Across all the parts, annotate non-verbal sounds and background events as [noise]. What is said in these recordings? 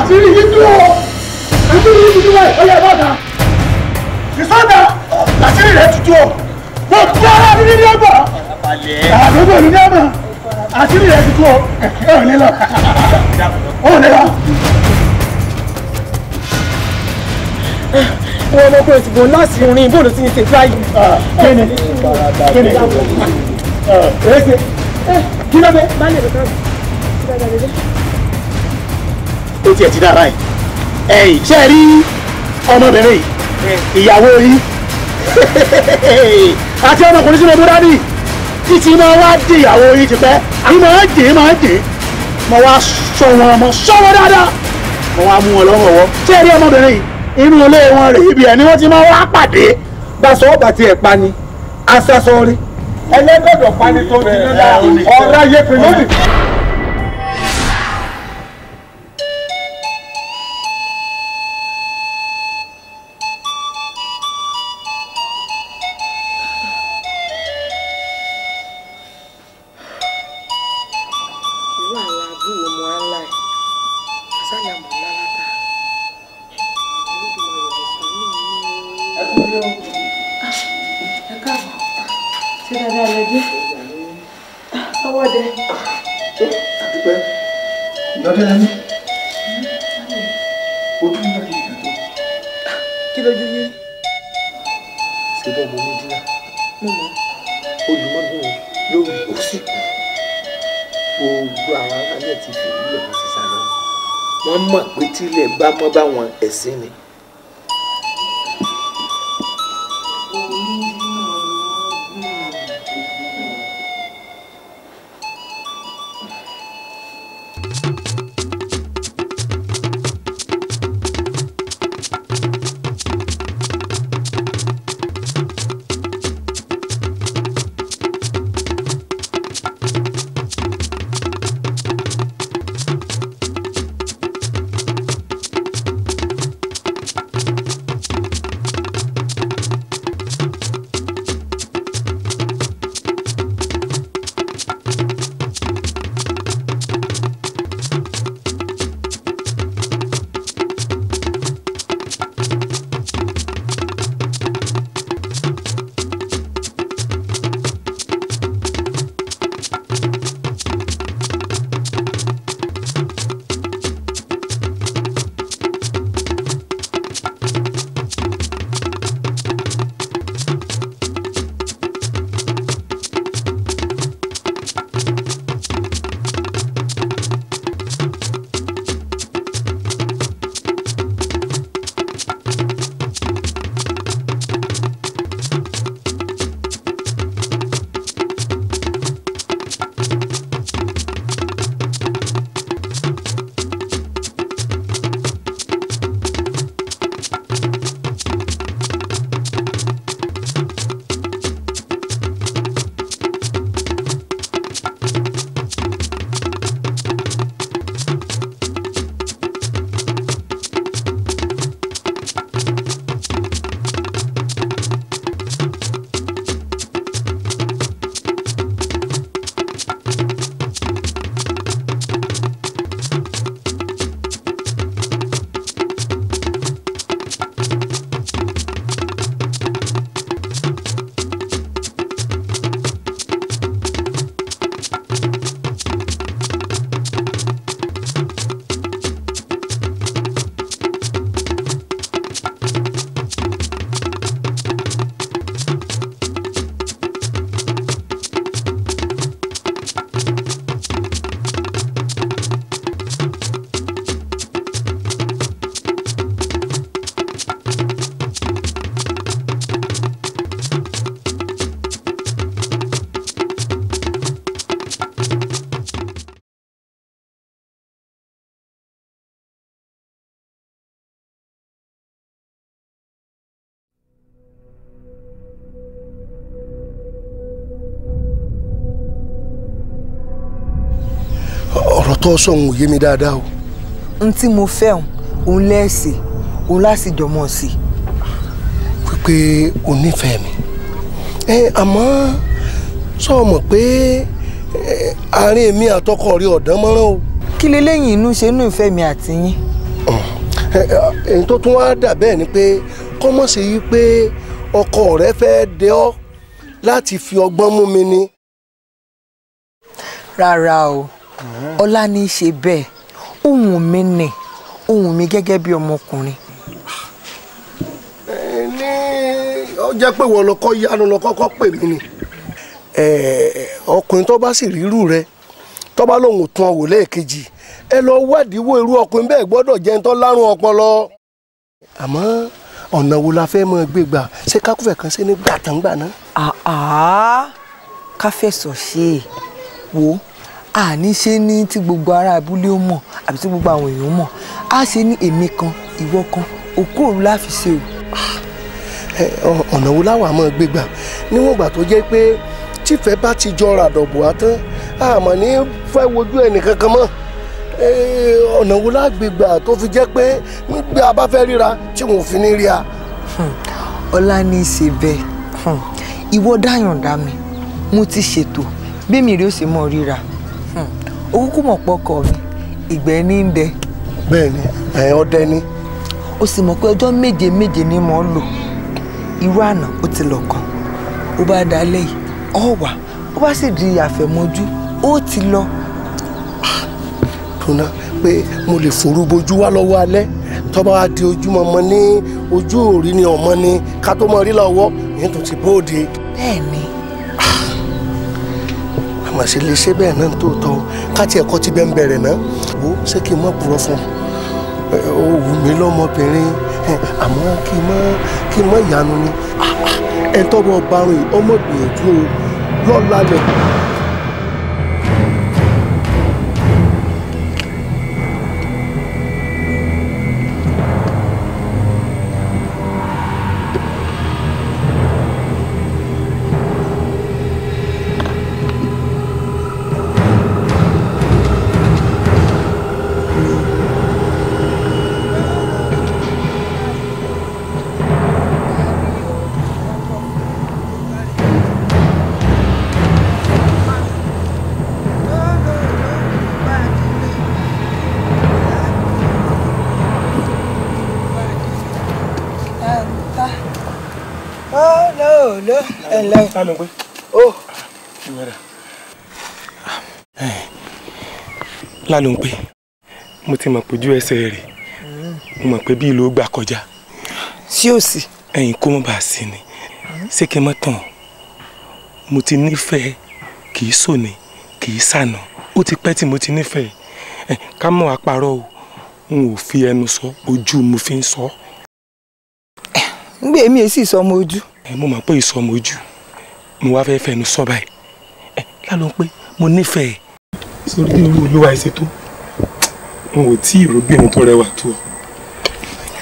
àṣírí yìí dúró àṣírí yìí dúró ẹ̀ ọ̀yà ìbọ̀dà ìsọ̀dà àṣírí rẹ̀ tutù ọ̀ gbogbo ara mi ní ọgbà àdúgbò mi ní ọgbà àṣírí rẹ̀ tutù ọ̀ ẹ̀ ò ní lọ ò ní lọ. wọ́n ọmọkùnrin ti gbọ́n láti rin ibo ló ti ní tètè báyìí. Ah, kíni kíni èsì ah, kí ló dé. báyìí ló ká bọ̀ ó tiẹ̀ ti dára yìí ẹ̀yìn ṣe rí ọmọbìnrin yìí ìyàwó yìí [laughs] àti ọmọkùnrin sínú ọdún dání títí máa wá dé ìyàwó yìí ti pẹ́ àmì máa dé máa dé mo wá sọ wọn mo sọ wọn dáadáa mo wá mú wọn lọ́wọ́ ṣe rí ọmọbìnrin yìí inú ilé wọn rè ibi ẹ̀ ni wọ́n ti máa wá pàdé gbàsọ ọgbà tiẹ̀ pa ni asasọ rí ẹlẹ́gbẹ̀dọ̀ pani tó ti nílá ọ̀rá yẹpẹ lónìí. bá mọ́ báwọn ẹ̀sìn ni tó sọ òun ò yé mi dáadáa o. n tí mo fẹ́ o òun lẹ́ẹ̀sì òun láti jọmọ sí. pípé o nífẹ̀ẹ́ mi ẹ àmọ́ sọ mọ̀ pé àárín èmi àtọkọ rí ọ̀dán mọ́rán o. kí leléyìn inú ṣe inú ìfẹ́ mi àti yín. èyí tó tún wá dà bẹ́ẹ̀ ni pé kọ́mọ̀ ṣe yí pé ọkọ rẹ fẹ́ dẹ ọ́ láti fi ọgbọ́n mú mi ni. rárá o ọlá ní í ṣe bẹ́ẹ̀ ohun mi nì ohun mi gẹ́gẹ́ bí ọmọkùnrin. ní ó jẹ́ pé wọ́n lọ́kọ́ yánu lọ́kọ́kọ́ pè mí ni ọkùnrin tó bá sì rírú rẹ tó bá lòun ò tún ọ wò lẹ́ẹ̀kejì ẹ lọ wádìí wo irú ọkùnrin bẹ́ẹ̀ gbọ́dọ̀ jẹ́ ń tọ́ lárùn ọpọlọ. àmọ́ ọ̀nà wo la fẹ́ mọ́ gbé gbà ṣé kákúfẹ̀ kan ṣe ní gbàtàngbà náà. àá káfẹ́sọ̀ ṣe é wo àní ṣe ní tí gbogbo ará abúlé ó mọ̀ àbí tí gbogbo àwọn èèyàn mọ̀ á ṣe ní èmi kan ìwọ kan òkú òru la fi ṣe o. ọ̀nà wo láwọn àmọ́ gbégbà níwọ̀n ìgbà tó jẹ́ pé tífẹ́ bá ti jọra àdọ̀bù àtán àmọ́ ní fẹ́ wojú ẹnìkankan mọ́ ọ̀nà wo lágbègbà tó fi jẹ́ pé nígbà a bá fẹ́ ríra tí wọn ò fi ní rí a. Hmm, ọlá ní í ṣe bẹ́ẹ̀ hmm, ìwọ dáyọ̀ǹda mi mo ti ṣètò bí mi rí ó sì mọ̀ ríra owó kò mọ̀ pọkọ mi ìgbẹ́ ní ń dẹ. bẹ́ẹ̀ni ẹ ọdẹ ni. o sì mọ̀ pé ọjọ́ méje méje ni mò ń lò irú àná ó ti lọ kan ó bá dalẹ̀ yìí ọ wà ó bá sì di àfẹ̀mọ́jú ó ti lọ. dùnà pé mo lè forú bojú wá lọ́wọ́ alẹ́ tọ́ba wa di ojúmọ́ mọ́ ní ojú òrí ni ọ̀mọ́ ni ká tó mọ rí lọ́wọ́ yẹn tó ti bóde. bẹ́ẹ̀ni mà sí lè ṣe bẹ́ẹ̀ náà tó tọ́ ẹ̀kọ́ ti bẹ́ẹ̀ ń bẹ̀rẹ̀ náà wo ṣé kí n má purọ́ fún ọ wù lọ́mọbìnrin àmọ́ kí n má kí n má yanu ni ẹ̀ bọ̀ barun ọmọ gbìyànjú lọ́ọ́ lálẹ́. bá mi gbé. ó oh. eh. lálọ́ ń pè mo ti mọ̀ pójú ẹsẹ̀ rẹ̀ mo mọ̀ pé bí ìlú ó gbà kọjá. sí òsì. ẹ̀yin kó mọ̀ bá a sí ni ṣé kí n mọ̀ tán mo ti nífẹ̀ẹ́ kì í sòní kì í sànà ó ti pẹ́ tí mo ti nífẹ̀ẹ́ eh, ká mọ̀ àparọ́ o n ò fi ẹnu sọ ojú mo fi ń sọ. Eh, ngbé mi èsì ìsọmọ ojú. mo mọ̀ pé ìsọmọ ojú mo wá fẹ́ẹ́ fẹnu sọ báyìí ẹ lálọ́ pé mo nífẹ̀ẹ́. sórí irú olúwa ẹsẹ tó n ò tí ìròbìnrin tó rẹwà tó ọ.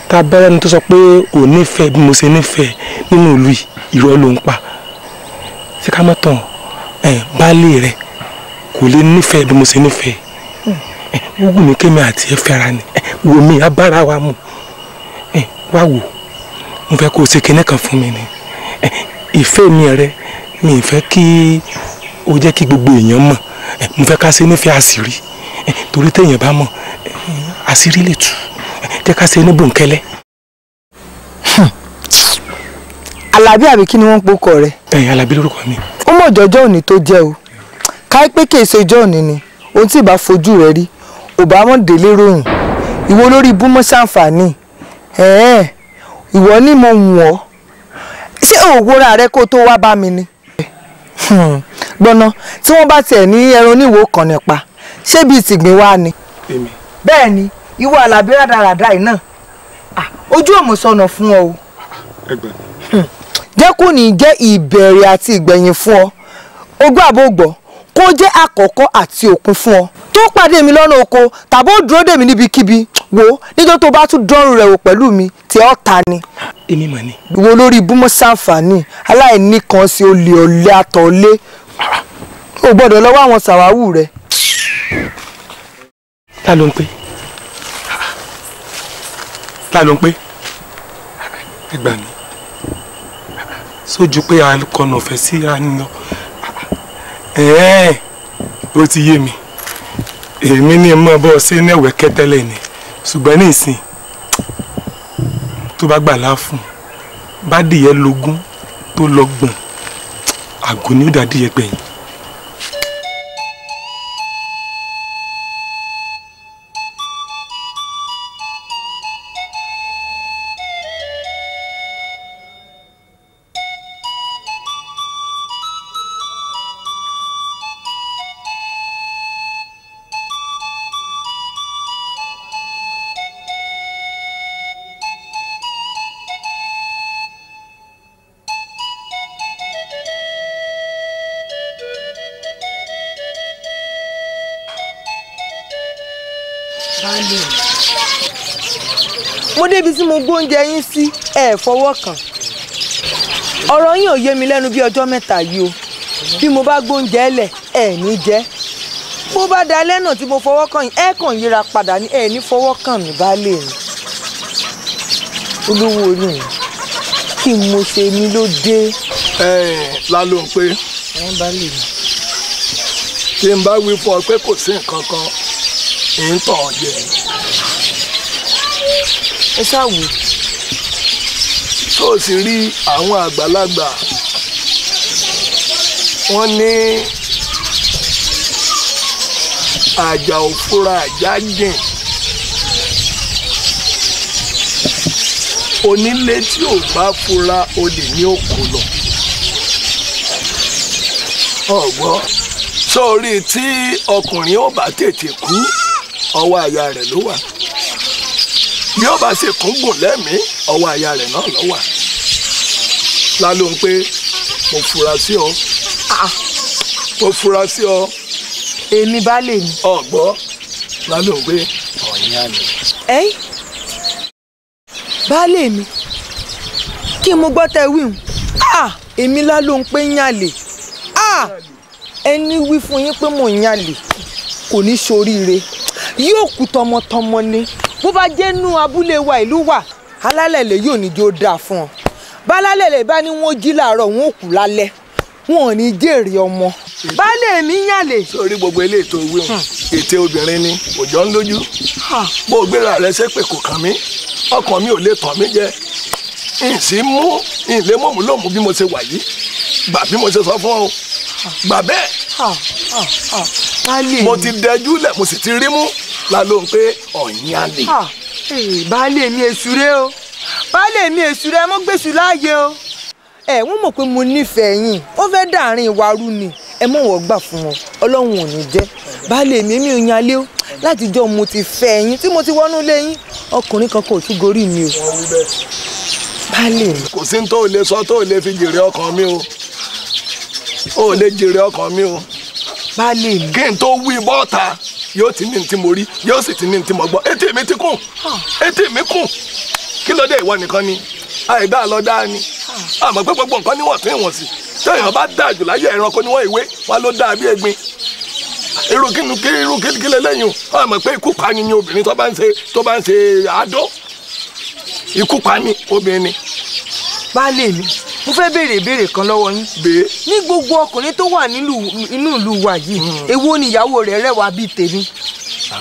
ta bẹ́rẹ̀ ni tó sọ pé ò nífẹ̀ẹ́ bí mo ṣe nífẹ̀ẹ́ nínú ìlú irọ́ ló ń pa ṣé ká má tàn ẹ̀ baálé rẹ̀ kò lè nífẹ̀ẹ́ bí mo ṣe nífẹ̀ẹ́ ó wù mí kémi àti ẹ fẹ́ra ni wò mí abára wa mu wá wò mo fẹ́ kó o ṣe kinní kan fún mi ni ìfẹ́ mi rẹ mi ì fẹ́ kí o jẹ́ kí gbogbo èèyàn mọ̀ mo fẹ́ ká ṣe nífẹ̀ẹ́ àṣírí torí téèyàn bá mọ̀ àṣírí lè tú jẹ́ ká ṣe ní bòńkẹ́lẹ́. alábí hmm. àbí kí ni wọ́n ń pokọ̀ rẹ̀. ẹ̀yin alábí lórúkọ mi. ó mọ̀ jọjọ́ òní tó jẹ́ o káyí pé kì í ṣe ọjọ́ òní ni ohun tí ì bá fojú rẹ̀ rí ò bá mọ̀ délé ròyìn ìwọ lórí ibú mọ́ ṣàǹfààní ìwọ ni mo wù ọ́ ṣé òwúrọ̀ rẹ kó tó wá bá mi ni. Hmm. gbọ́nà tí wọ́n bá tiẹ̀ ní ẹran oníwò kan nípa ṣé bíi tìgbín wá ni. bẹ́ẹ̀ ni ìwọ alábí rádaràdà yìí náà ojú òmùsọ̀nà fún ọ o. Hmm. jẹ́kùn ní jẹ́ ìbẹ̀rẹ̀ àti ìgbẹ̀yìn fún ọ ogún àbógbọ̀ kó jẹ́ àkọ́kọ́ àti òpin fún ọ tó pàdé mi lọ́nà oko tàbí ó dúró dè mí níbikíbi wo níjọ́ tó bá tún dọ́rùn rẹ̀ wò pẹ̀lú mi tí ọ́ ta ni. èmi mà ni. wo lórí ibùmọ̀ sàǹfààní aláìní kan sí olè ọ̀lẹ́ àtọ̀lé o gbọ́dọ̀ lọ́wọ́ àwọn sàwáwù rẹ̀. ta ló ń pè ta ló ń pè ẹ gbà mí sójú pé alukọ̀nà ọ̀fẹ́ sí àná ẹ̀ẹ́ ó ti yé mi èmi ni mo bọ́ sí ní ẹ̀wẹ̀ kẹtẹ́lẹ̀ ni ṣùgbọ́n ní ìsìn tó bá gbà láàfún bá dìyẹ lógún tó lọ́gbọ̀n àgọ́ ni ó dàdí yẹgbẹ̀yìn. fáńdì. mo débi tí mo gbóúnjẹ yín sí ẹ fọwọ́ kàn ọ̀rọ̀ yín ò yé mi lẹ́nu bí ọjọ́ mẹ́ta yìí o bí mo bá gbóúnjẹ lẹ̀ ẹ ní jẹ́ bó bá da lẹ́nà tí mo fọwọ́ kàn yín ẹ kàn yíra padà ní ẹ ní fọwọ́ kàn mí baálé mi olówó orí kí n mo ṣe mi ló dé. ẹ ẹ lálóhùn pé tí n bá wí fún ọ pé kò sí nǹkan kan ẹ̀ ń tọ̀ jẹ. ẹ ṣáàwò tó o sì rí àwọn àgbàlagbà wọ́n ní àjà òfúra àjà jìn onílé tí ò bá fura olè ní òkú lọ ọgbọ́n sórí tí ọkùnrin ó bá tètè kú ọwọ́ aya rẹ̀ ló wà bí ó bá ṣe kúngùn lẹ́mìí ọwọ́ aya rẹ̀ náà ló wà lálóhùn pé mo fura sí ọ ah, ah. mo fura sí ọ. èmi bá lè ní. ọ̀gbọ́ lálóhùn pé ọ̀yin àná. ẹ́yìn baálé mi kí mo gbọ́ tẹ wíhùn ah, èmi lálóhùn pé ń yàlè ẹni wí fún yín pé mò ń kò ní ṣoríire yóò kú tọmọtọmọ ni bó bá jẹ́ nú abúlé wa ìlú wa alálẹ̀lẹ̀ yóò ní jó dáa fún ọ bálálẹ̀lẹ̀ bá ní wọ́n jí làárọ̀ wọn ò kú lálẹ́ wọn ò ní jèrè ọmọ. baálé mi yàlè. sórí gbogbo ilé ètò ìwé obìnrin ni òjò ń lójú bó gbéra rẹ ṣépè kò kàn mí ọkàn mi ò lè tàn mí jẹ ǹsí mú ìlé mọ̀mú lòmú bí mo ṣe wà yìí gbà bí mo ṣe sọ fún ọ gbà bẹ́ẹ̀ mo ti dẹjú lẹ̀ mo sì ti rí mú lálóhùn pé ọ̀yìn á lè. Eh, baálé mi èsúré o baálé mi èsúré mo gbèsù láàyè o. ẹ wọ́n mọ̀ pé mo nífẹ̀ẹ́ yín ó fẹ́ dàárín ìwà rú ni ẹ mọ̀ wọ́n gbà fún wọn ọlọ́run ò ní jẹ́ baálé mi mi ò yan alẹ́ o látijọ́ mo ti fẹ́ yín tí mo ti wọnú ilé yín ọkùnrin kan kò tún gorí mi o baálé mi. kò sí ní tó o lè sọ tó o lè fi jèrè ọkàn mi o o lè jèrè ọkàn mi o. baálé mi. kí n tó wí bọ́ta yóò ti ní ti mo rí yóò sì ti ní ti mo gbọ́ etí mi ti kùn etí mi kùn kí ló dé ìwọ nìkan ni àìdá lọ dáa ni àmọ́ pé gbogbo nǹkan níwọ̀n tún ìwọ̀n sí téèyàn bá dáa jù láyé ẹranko níwọ̀n ìwé wọn ló dáa bí egbin irú kí ni irú kí ni lẹ́yìn o àmọ́ pé ikú pani ni obìnrin tó bá ń ṣe tó bá ń ṣe àádọ́ ikú pani obìnrin. baálé mi mo fẹ́ béèrè ìbéèrè kan lọ́wọ́ yín. bèè. ní gbogbo ọkùnrin tó wà nínú ìlú wa yìí èwo ni ìyàwó rẹ̀ rẹwà bíi tèmi.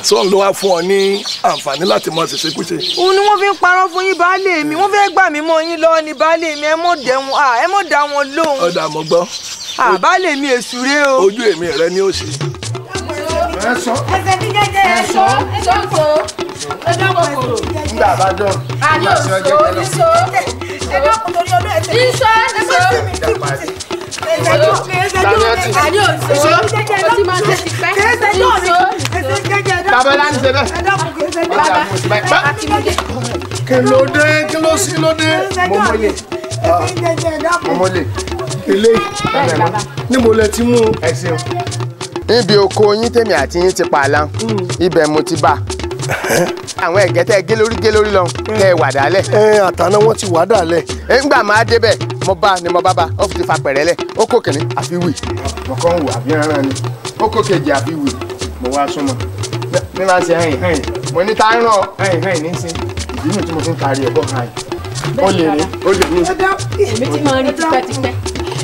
àsọ̀n ló wá fún ọ ní àǹfààní láti mọ ṣèṣe kúṣe. òun ni wọ́n fi ń parọ́ fún yín baálé mi wọ́n fẹ́ gbà mí mọ́ yín lọ́wọ́ ni baálé mi ẹ mọ̀ dẹ̀hun ẹ mọ̀ dá wọn lóhùn. ọ̀dà mo gbọ́. àbálẹ̀ mi èṣù rẹ o. ojú èmi rẹ ni ó ṣe. ẹsẹ̀ mi jẹ́jẹ́ ẹ̀ṣọ́ ẹ̀ṣọ́ kò ẹ̀ṣọ́ kò. nígbà àbájọ. àní òṣò oníṣò ẹ dákun torí ọdún ẹ tẹ̀lé iṣẹ́ ẹ má sí mi kí mo ti ẹ̀ẹ́dẹ́jọ́ ẹ̀ẹ́dẹ́jọ́ àní òṣù ó ti máa tẹ̀sí pẹ́ ẹ̀ẹ́dẹ́jọ́ mi ẹ̀ẹ́dẹ́jọ́ ẹ̀ẹ́dẹ́jọ́ bàbá láti ṣe bẹ́ẹ̀ ẹ̀ẹ́dẹ́kun kì í ṣe bàbá àti mo dé. kí ló dé kí ló sí ló dé mo mọlé mo mọlé ilé ní mo lẹ ti mú ẹsẹ. níbi oko yín tèmi àti yín ti pààlà hmm. ibẹ̀ mo ti bá a àwọn ẹ̀gẹ́ tẹ́ gé lórí gé lórí lọ tẹ́ wà dálẹ̀. ẹ àtàná wọn ti wà dálẹ̀. ẹ ńgbà máa débẹ̀ mo bá ni mo bá ba ó fi fa pẹ̀rẹ́ lẹ̀ ó kó kìnní àfi wì. mo ń wò àbí rárá ni ó kó kejì àfi wì mo wá súnmọ́ mi máa ń ṣe hàn hàn mo ní tá ń ràn hàn hàn ní sí ìdí mi tí mo fi ń taari ẹ̀ bọ́ hàn ó lè rí ó lè ní. èmi ti máa ń rí tipẹ́tipẹ́.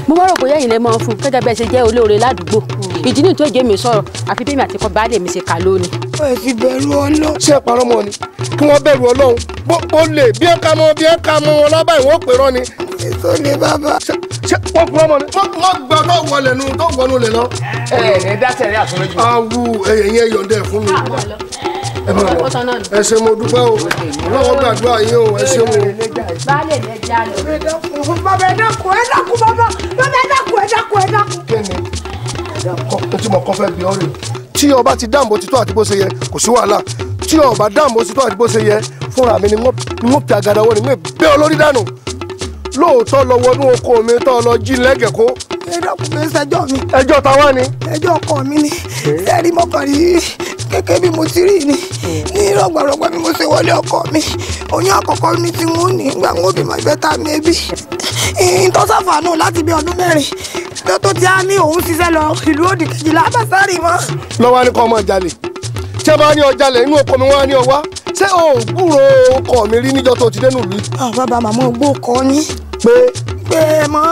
mo wá rò bóyá ìlẹ̀ máa fún gẹ́gẹ́ bẹ́ẹ̀ ṣe jẹ́ olóore ládùúgbò ìdí nìyí tó jẹ́ mi sọ̀rọ̀ àfi bí mi àti kọ́ baálé mi ṣe kà lónìí. ẹ fi bẹ̀rù ọlọ́run ṣé ìparọ́ mọ́ ni kí wọ́n bẹ̀rù ọlọ́run bó o lè bí ẹ ka mọ bí ẹ ka mọ wọn lọ́ba ìwọ́n pè rán ni. èso ni bàbá. ṣe wọ́n kúrọ́ mọ́ ni. wọ́n gbọ́ tó wọlé nu tó wọnú lè lọ. ẹ ẹ dáṣẹ rẹ àtúnlẹ́jù. awu ẹyẹ yọ̀ǹdẹ̀ fún mi ẹ máa lọ ẹ ṣe mo dúpẹ́ o ọlọ́wọ́ gbàdúrà yín o ẹ ṣe mo. baálé lè jà lọ. bàbá ẹ dákun ẹ dákun bàbá bàbá ẹ dákun ẹ dákun ẹ dákun ó ti mọ̀ kọ́ fẹ́ bí ọ́rẹ́ tí ọba ti dáàmú ti àti bó ṣe yẹ kò sí wàhálà tí ọba dáàmú ti àti bó ṣe yẹ fúnra mi ni wọ́n pe àgàdà wọ́n ni wọ́n gbé olórí dànù lóòótọ́ lọ wọnú oko mi tó lọ jí lẹ́gẹ̀kó. ẹjọ́ kò fẹ́ ṣẹjọ́ mi. ẹjọ́ ta wá ni. ẹjọ́ ọkọ mi ni sẹ́ẹ̀rí mọ́kànlélẹ́yìn gẹ́gẹ́ bí mo ti rí ni hmm. ní rọ̀gbọ̀rọ̀gbọ̀ bí mo ṣe wọlé ọkọ mi oyún àkọ́kọ́ ní tí wọ́n ní ìgbà wọn bí my better maybe ìtọ́sàfàánù láti bí ọdún mẹ́rin tó tó ti á ní òun ṣiṣẹ́ lọ ìlú òdì kejìlá àbáṣárì wọn. lọ́wọ́ á ní kọ́ ọmọ jalè tí a bá ní ọjà lẹ̀ oko mi wọ́n á ní ọwá ṣé o ò gbúrò ọkọ mi rí níjọ́ tó ti dénú mi. Ah, bàbá màmá gbó kọ yín. pé pé mọ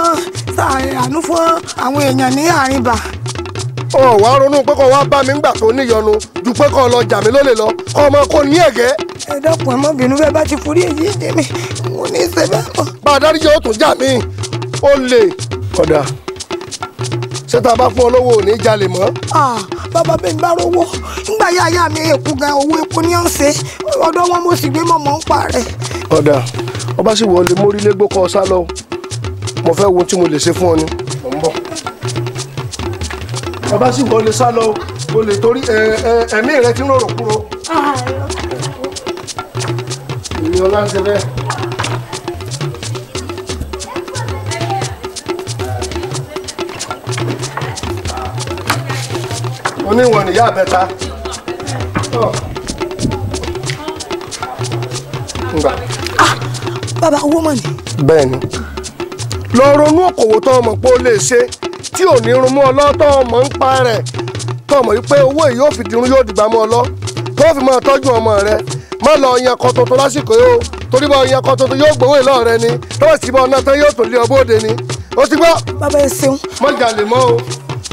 ọ wàá ronú pé kó wàá bá mi ńgbà tó níyọnu ju pé kó lọ jà mí lólè lọ kó ọmọ kò ní ẹ̀gẹ́. ẹ dákun ẹ má bínú bẹ́ẹ̀ bá ti forí èyí jẹ mi mo ní í ṣe bẹ́ẹ̀ mọ́. bá a dáríjọ ó tún jà mí ó lè. kódà ṣé tá a bá fún ọ lówó ò ní jalè mọ́. bàbá bẹ́ẹ̀ ni bá rówó ńgbà yá yá mi èkú gan owó epo ní ọ̀sẹ̀ ọ̀dọ̀ wọn mo sì gbé mọ̀mọ́ ń pa rẹ̀. ọba sì wọlé mórílégbó kọ sá mo fẹ́ wo tí mo lè ṣe fún ọ ni bàbá sì wọ lè sá lọ o lè torí ẹ̀mí rẹ ti ń rọrùn kúrò. ìrìn ọlá ń ṣe bẹ́ẹ̀. oníwọ̀n ìyá àbẹ́ta. Ngbà. Ah, bàbá owó mọ̀ ni. Bẹ́ẹ̀ni. Lọ ronú okòwò tó ọmọ pé ó lè ṣe tí ò ní rún mọ́ ọ lọ́tọ́ ọmọ ń pa rẹ̀ tọmọ yìí pé owó yìí yóò fi dirun yóò dìgbà mọ́ ọ lọ tó fi máa tọ́jú ọmọ rẹ má lọ yan kan tuntun lásìkò yìí o torí bá yan kan tuntun yóò gbowó ìlọ rẹ ni tó bá sì bá ọ̀nà tán yóò tún lé ọbọ̀ òde ni ó ti gbọ́. bàbá ẹ ṣeun. mọ jalè mọ o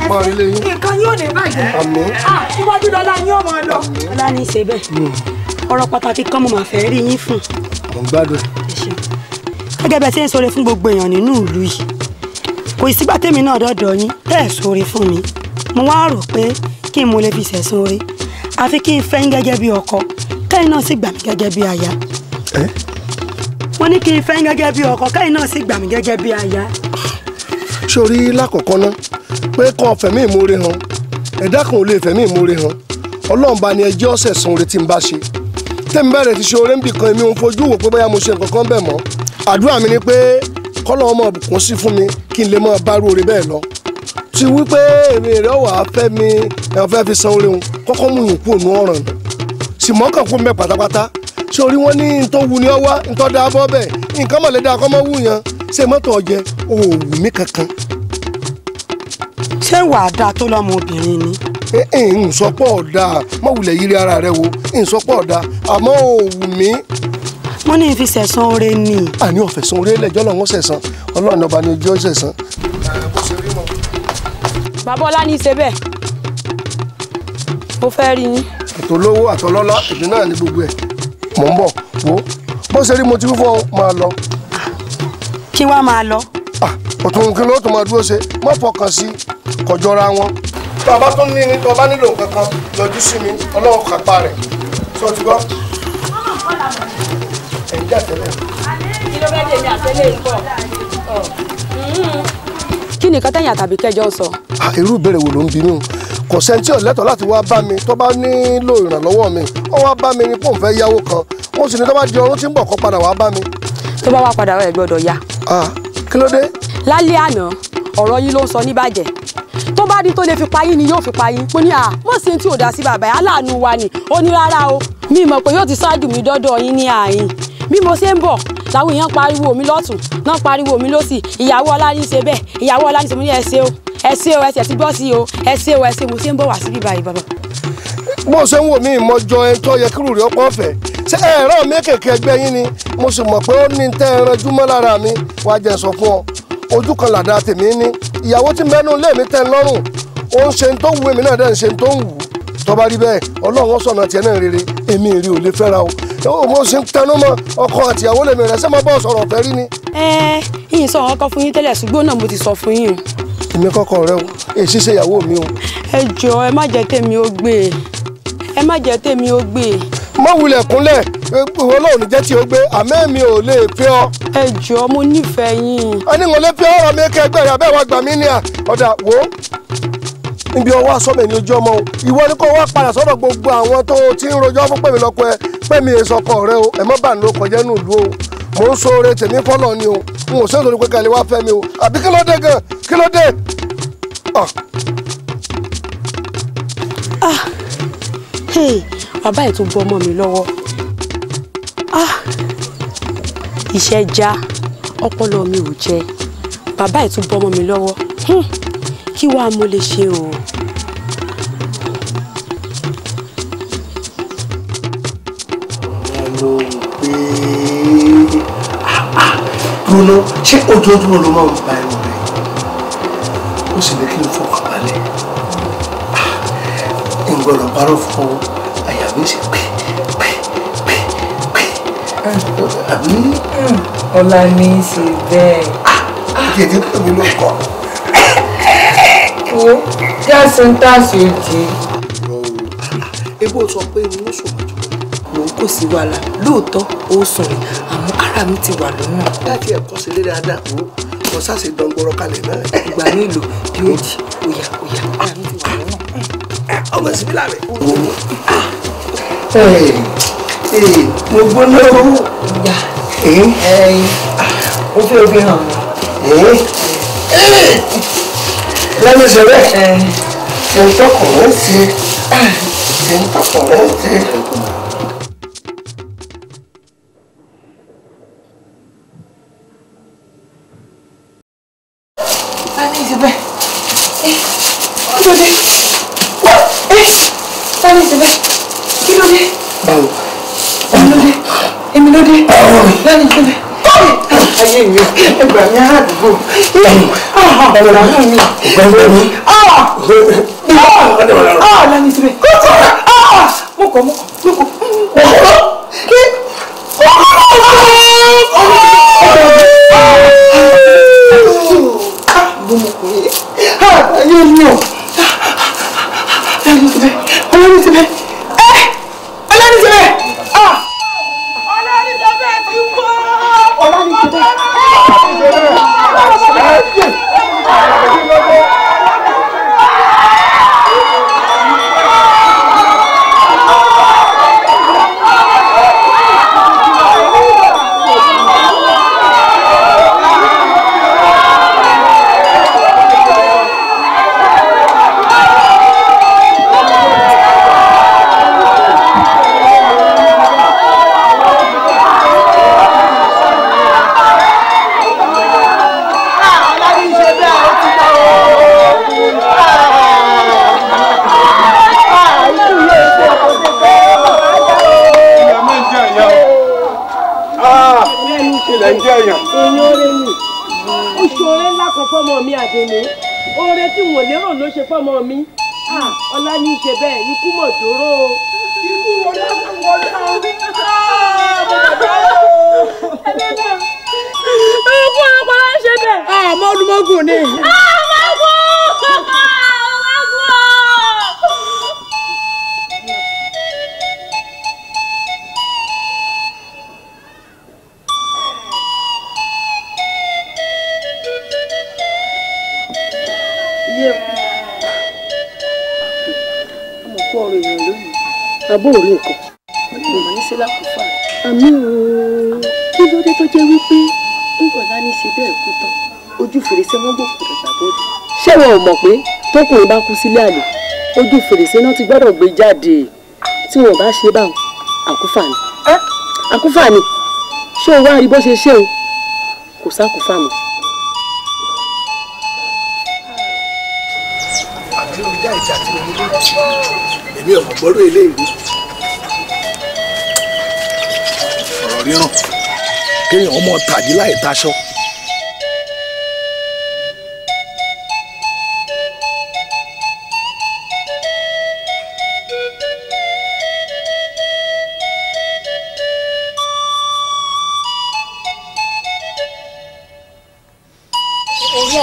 mọ ilé yín. nǹkan yóò ní bàjẹ́. àmín. iwájú lọ́la ni yóò máa lọ. ọlá ní í ṣe bẹ́ẹ̀ hmm. ọ̀rọ̀ pàtàkì kan mo máa fẹ́ rí yín fún. mo ń gbádùn. gẹ́gẹ́ bẹ́ẹ̀ ṣe ń sọ̀rọ̀ fún gbogbo èèyàn nínú ìlú yìí kò sígbà tèmi náà dọ́dọ̀ yín tẹ́ ẹ̀ sóore fún mi mo wá rò pé kí n mo lè fi sẹ̀sùn oore àfi kí n fẹ́ yín gẹ́gẹ́ bí ọkọ kẹ́yìn náà sì gbà mí gẹ́gẹ́ bí aya. mo ní kí n fẹ́ yín gẹ́gẹ́ bí ọkọ kẹ́yìn náà sì gbà mí gẹ́gẹ́ bí aya. sori lákọ̀ọ́kọ́ ná pé kọ́ fẹ̀mí ìmoore hàn ẹ̀dá kan ò lè fẹ̀mí ìmoore hàn ọlọ́run bá ní ẹjẹ́ ọ̀sẹ̀ sun oore tí n bá ṣe tẹ́mi ti ṣe oore ń bì kan èmi ò fojú wò pé bóyá mo ṣe nǹkan kan bẹ̀ àdúrà mi ni pé kọ́lọ́ ọmọ ìbùkún sí fún mi kí n lè mọ bárú oore bẹ́ẹ̀ lọ ti wípé èrè rẹ wà á fẹ́ mi ẹ fẹ́ fi san oore kọ́kọ́ mú yìnkú òun ọ̀ràn sì mọ́kàn fún mi pátápátá ṣé orí wọn ní tó wù ní ọwá ntọ́ da bọ́ bẹ́ẹ̀ nǹkan mọ̀lẹ́dá akọ́mọ́ wù yẹn ṣé mọ́tò ọ̀jẹ̀ òwò mi kankan. ṣé wàá dáa tó lọ́mọbìnrin ni nsọpọ̀ ọ̀dà mọ̀wulẹ̀ yiri ara rẹ wo nsọpọ̀ ọ̀dà àmọ́ òwú mi wọ́n ní fi sẹ̀san oore ni. àní ọ̀fẹ́ san oore lẹ́jọ́ lọ́wọ́ sẹ̀san ọlọ́run ọba ni ojú sẹ̀san. bàbá ọlá ní í ṣe bẹ́ẹ̀ mo fẹ́ rí yín. àtolówó àtọlọ́lá èdè náà ní gbogbo ẹ̀ mò ń bọ̀ wo bó ṣe rí mo ti fífọ́ máa lọ. kí wàá máa lọ. Ah, ọ̀tún kí ló tún máa dúró ṣe má fọkàn sí kọjọra wọn. tó a bá tún ní ní tó a bá nílò nǹkan kan yọjú sí mi ọlọ́run kápá rẹ̀ sọ ti gbọ́ jẹ́ tẹ́lẹ̀. kí ló fẹ́ dé ní àtẹ́lẹ̀ yìí pọ̀ kí nìkan tẹ̀yìn àtàbí kẹjọ sọ. Ah, irú ìbéèrè wo ló ń bi o kò sẹ́ńtì ọ̀lẹ́tọ̀ láti wá bá mi tó bá nílò ìrànlọ́wọ́ mi ó wá bá mi ní pòun fẹ́ yáwó kan mo sì ní tó bá di ọdún tí ń bọ̀ kó padà wá bá mi. tó bá wá padà ẹ gbọ́dọ̀ yá. Ah, kí ló dé. lálẹ́ àná ọ̀rọ̀ yín ló ń sọ níbàjẹ́ tó bá rí tó lè fi payín ni yóò fi payín mo ní à mọ̀ sí tí ò dá sí bàbá yà láàánú wa ni ó ní rárá o mi mọ̀ pé yóò ti ṣáájú mi dọ́dọ̀ yín ní àyín bí mo ṣe ń bọ̀ làwọn èèyàn pariwo mi lọ́tún náà pariwo mi lọ́sì ìyàwó ọlá ní í ṣe bẹ́ẹ̀ ìyàwó ọlá ní í ṣe mo ní ẹ ṣe o ẹ ṣe o ẹ ṣe ti bọ́ sí o ẹ ṣe o ẹ ṣe mo ṣe ń bọ̀ wá síbí báyìí bàbá. bó ṣe ń wò mí ìmọ̀jọ ẹni tó yẹ kírù rí ọpọ́ ọ̀fẹ́ ṣé ẹ̀rọ mi kéèké ẹgbẹ́ yín ni mo sì mọ̀ pé ó ní tẹ́ ẹranjú mọ́ lára mi wàá jẹ́ sọ fún ọ ojú kan làdá tèmi ní ìyàwó tí mẹ́nu ilé mi tẹ́ ń lọ́rùn ó ń ṣe tó wù èmi náà dẹ́ ń ṣe tó ń wù tó bá rí bẹ́ẹ̀ ọlọ́run ó sọ̀nà tiẹ̀ náà rere èmi rí ò lè o ṣé o mo ṣe ń tanú mọ ọkọ àtìyàwó lèmi rẹ ṣé mo bọ́ sọ̀rọ̀ ọ̀fẹ́ rí ni. ẹ yìnyín sọ ọkọ fún yín tẹ́lẹ̀ ṣùgbọ́n náà mo ti sọ fún yín. èmi kọ́kọ́ rẹ o èsì ṣe ìyàwó mi o. ẹ jọ ẹ má jẹ́ tèmi ó gbé e. ẹ má jẹ́ tèmi ó gbé e. mọ wulẹ̀ kúnlẹ̀ ìwọ náà ò ní jẹ́ tí o gbé àmẹ́ mi ò lè pẹ́ ọ. ẹ jọ̀ọ́ mo nífẹ̀ẹ́ yín. ẹni wọn lè pẹ́ ọ̀rọ̀ mi kẹgbẹ́ rẹ̀ abẹ́ wa gbà mí ní à ọ̀dà wò ó. níbi ọwọ́ asọ́mọ̀ ẹni ojú ọmọ o ìwọ ni kò wá padà sọ́dọ̀ gbogbo àwọn tó ti ń rojọ́ fún pẹ̀lú ọkọ ẹ pẹ̀mí èsọkọ rẹ o ẹ mọ́ bà ní lóko jẹ́ nùlú o mò ń so oore tèmi fọ́lọ̀ ni o n ò sèso ní pé kẹ́lẹ́ wá fẹ́ mi o àbí kí ló dé gan kí ló dé. bàbá ètò bu ọmọ mi lọ́wọ́ iṣẹ́ já ọpọlọ mi ò jẹ bàbá ètò bu ọmọ mi lọ́wọ́ kí wàá mo lè ṣe o. dúná ṣé ojoojúmọ́ ló máa ń pa ẹnu rẹ̀ ó sì ní kí n fọkàn balẹ̀ ìgbọ̀nà ah, parọ́ fún àyà mi sì pé pé pé pé àbí. ọlá mi ń ṣe bẹ́ẹ̀. Ah, jẹ̀dí pè mí lóko. wo jáde ń tàṣe jì. Ah, ebó sọ pé inú sòmọ́jọ́ kò sí wàhálà lóòótọ́ ó sùn rìn àmọ́ ara mi ti wà lọ́nà. láti ẹ̀kọ́ sílé dáadáa kó kò sáàsì dọ̀ngbọ̀rọ̀ kalẹ̀ náà. ìgbà nílò bíòdì òyà òyà ara mi ti wà lọ́nà. ọmọ sí bílà rẹ̀. mo gbóná owó. ó fẹ́ fi hàn mí. lẹ́nu ìṣẹ̀lẹ̀ ẹ̀ ń tọkọ̀ rẹ̀ ẹ̀ ń tọkọ̀ rẹ̀ ọ̀pẹ̀lẹ̀ mi ọ̀pẹ̀lẹ̀ mi àbóòrí nǹkan. ó ní ìmọ̀ ní sílá kò fà. àmì ooo kí ló dé tó jẹ́ wípé ńgbọ̀n láni ṣe bẹ́ẹ̀ kú tán ojú fèrèsé wọn gbòkùn dàgbà bọ́ọ̀dù. ṣé wọn ò mọ̀ pé tókùnrin bá kú sílé àlè ojú fèrèsé náà ti gbọ́dọ̀ gbé jáde tí wọn bá ṣe báwọn àkúfà ni. àkúfà ni ṣé o wá rí bó ṣe ṣe o kò sákúfà mọ́. àbí orí mo èmi ọmọ gbọ́dọ̀ eléyìí. ọ̀rọ̀ ríran kéèyàn ọmọ tàdí láì taṣọ. orí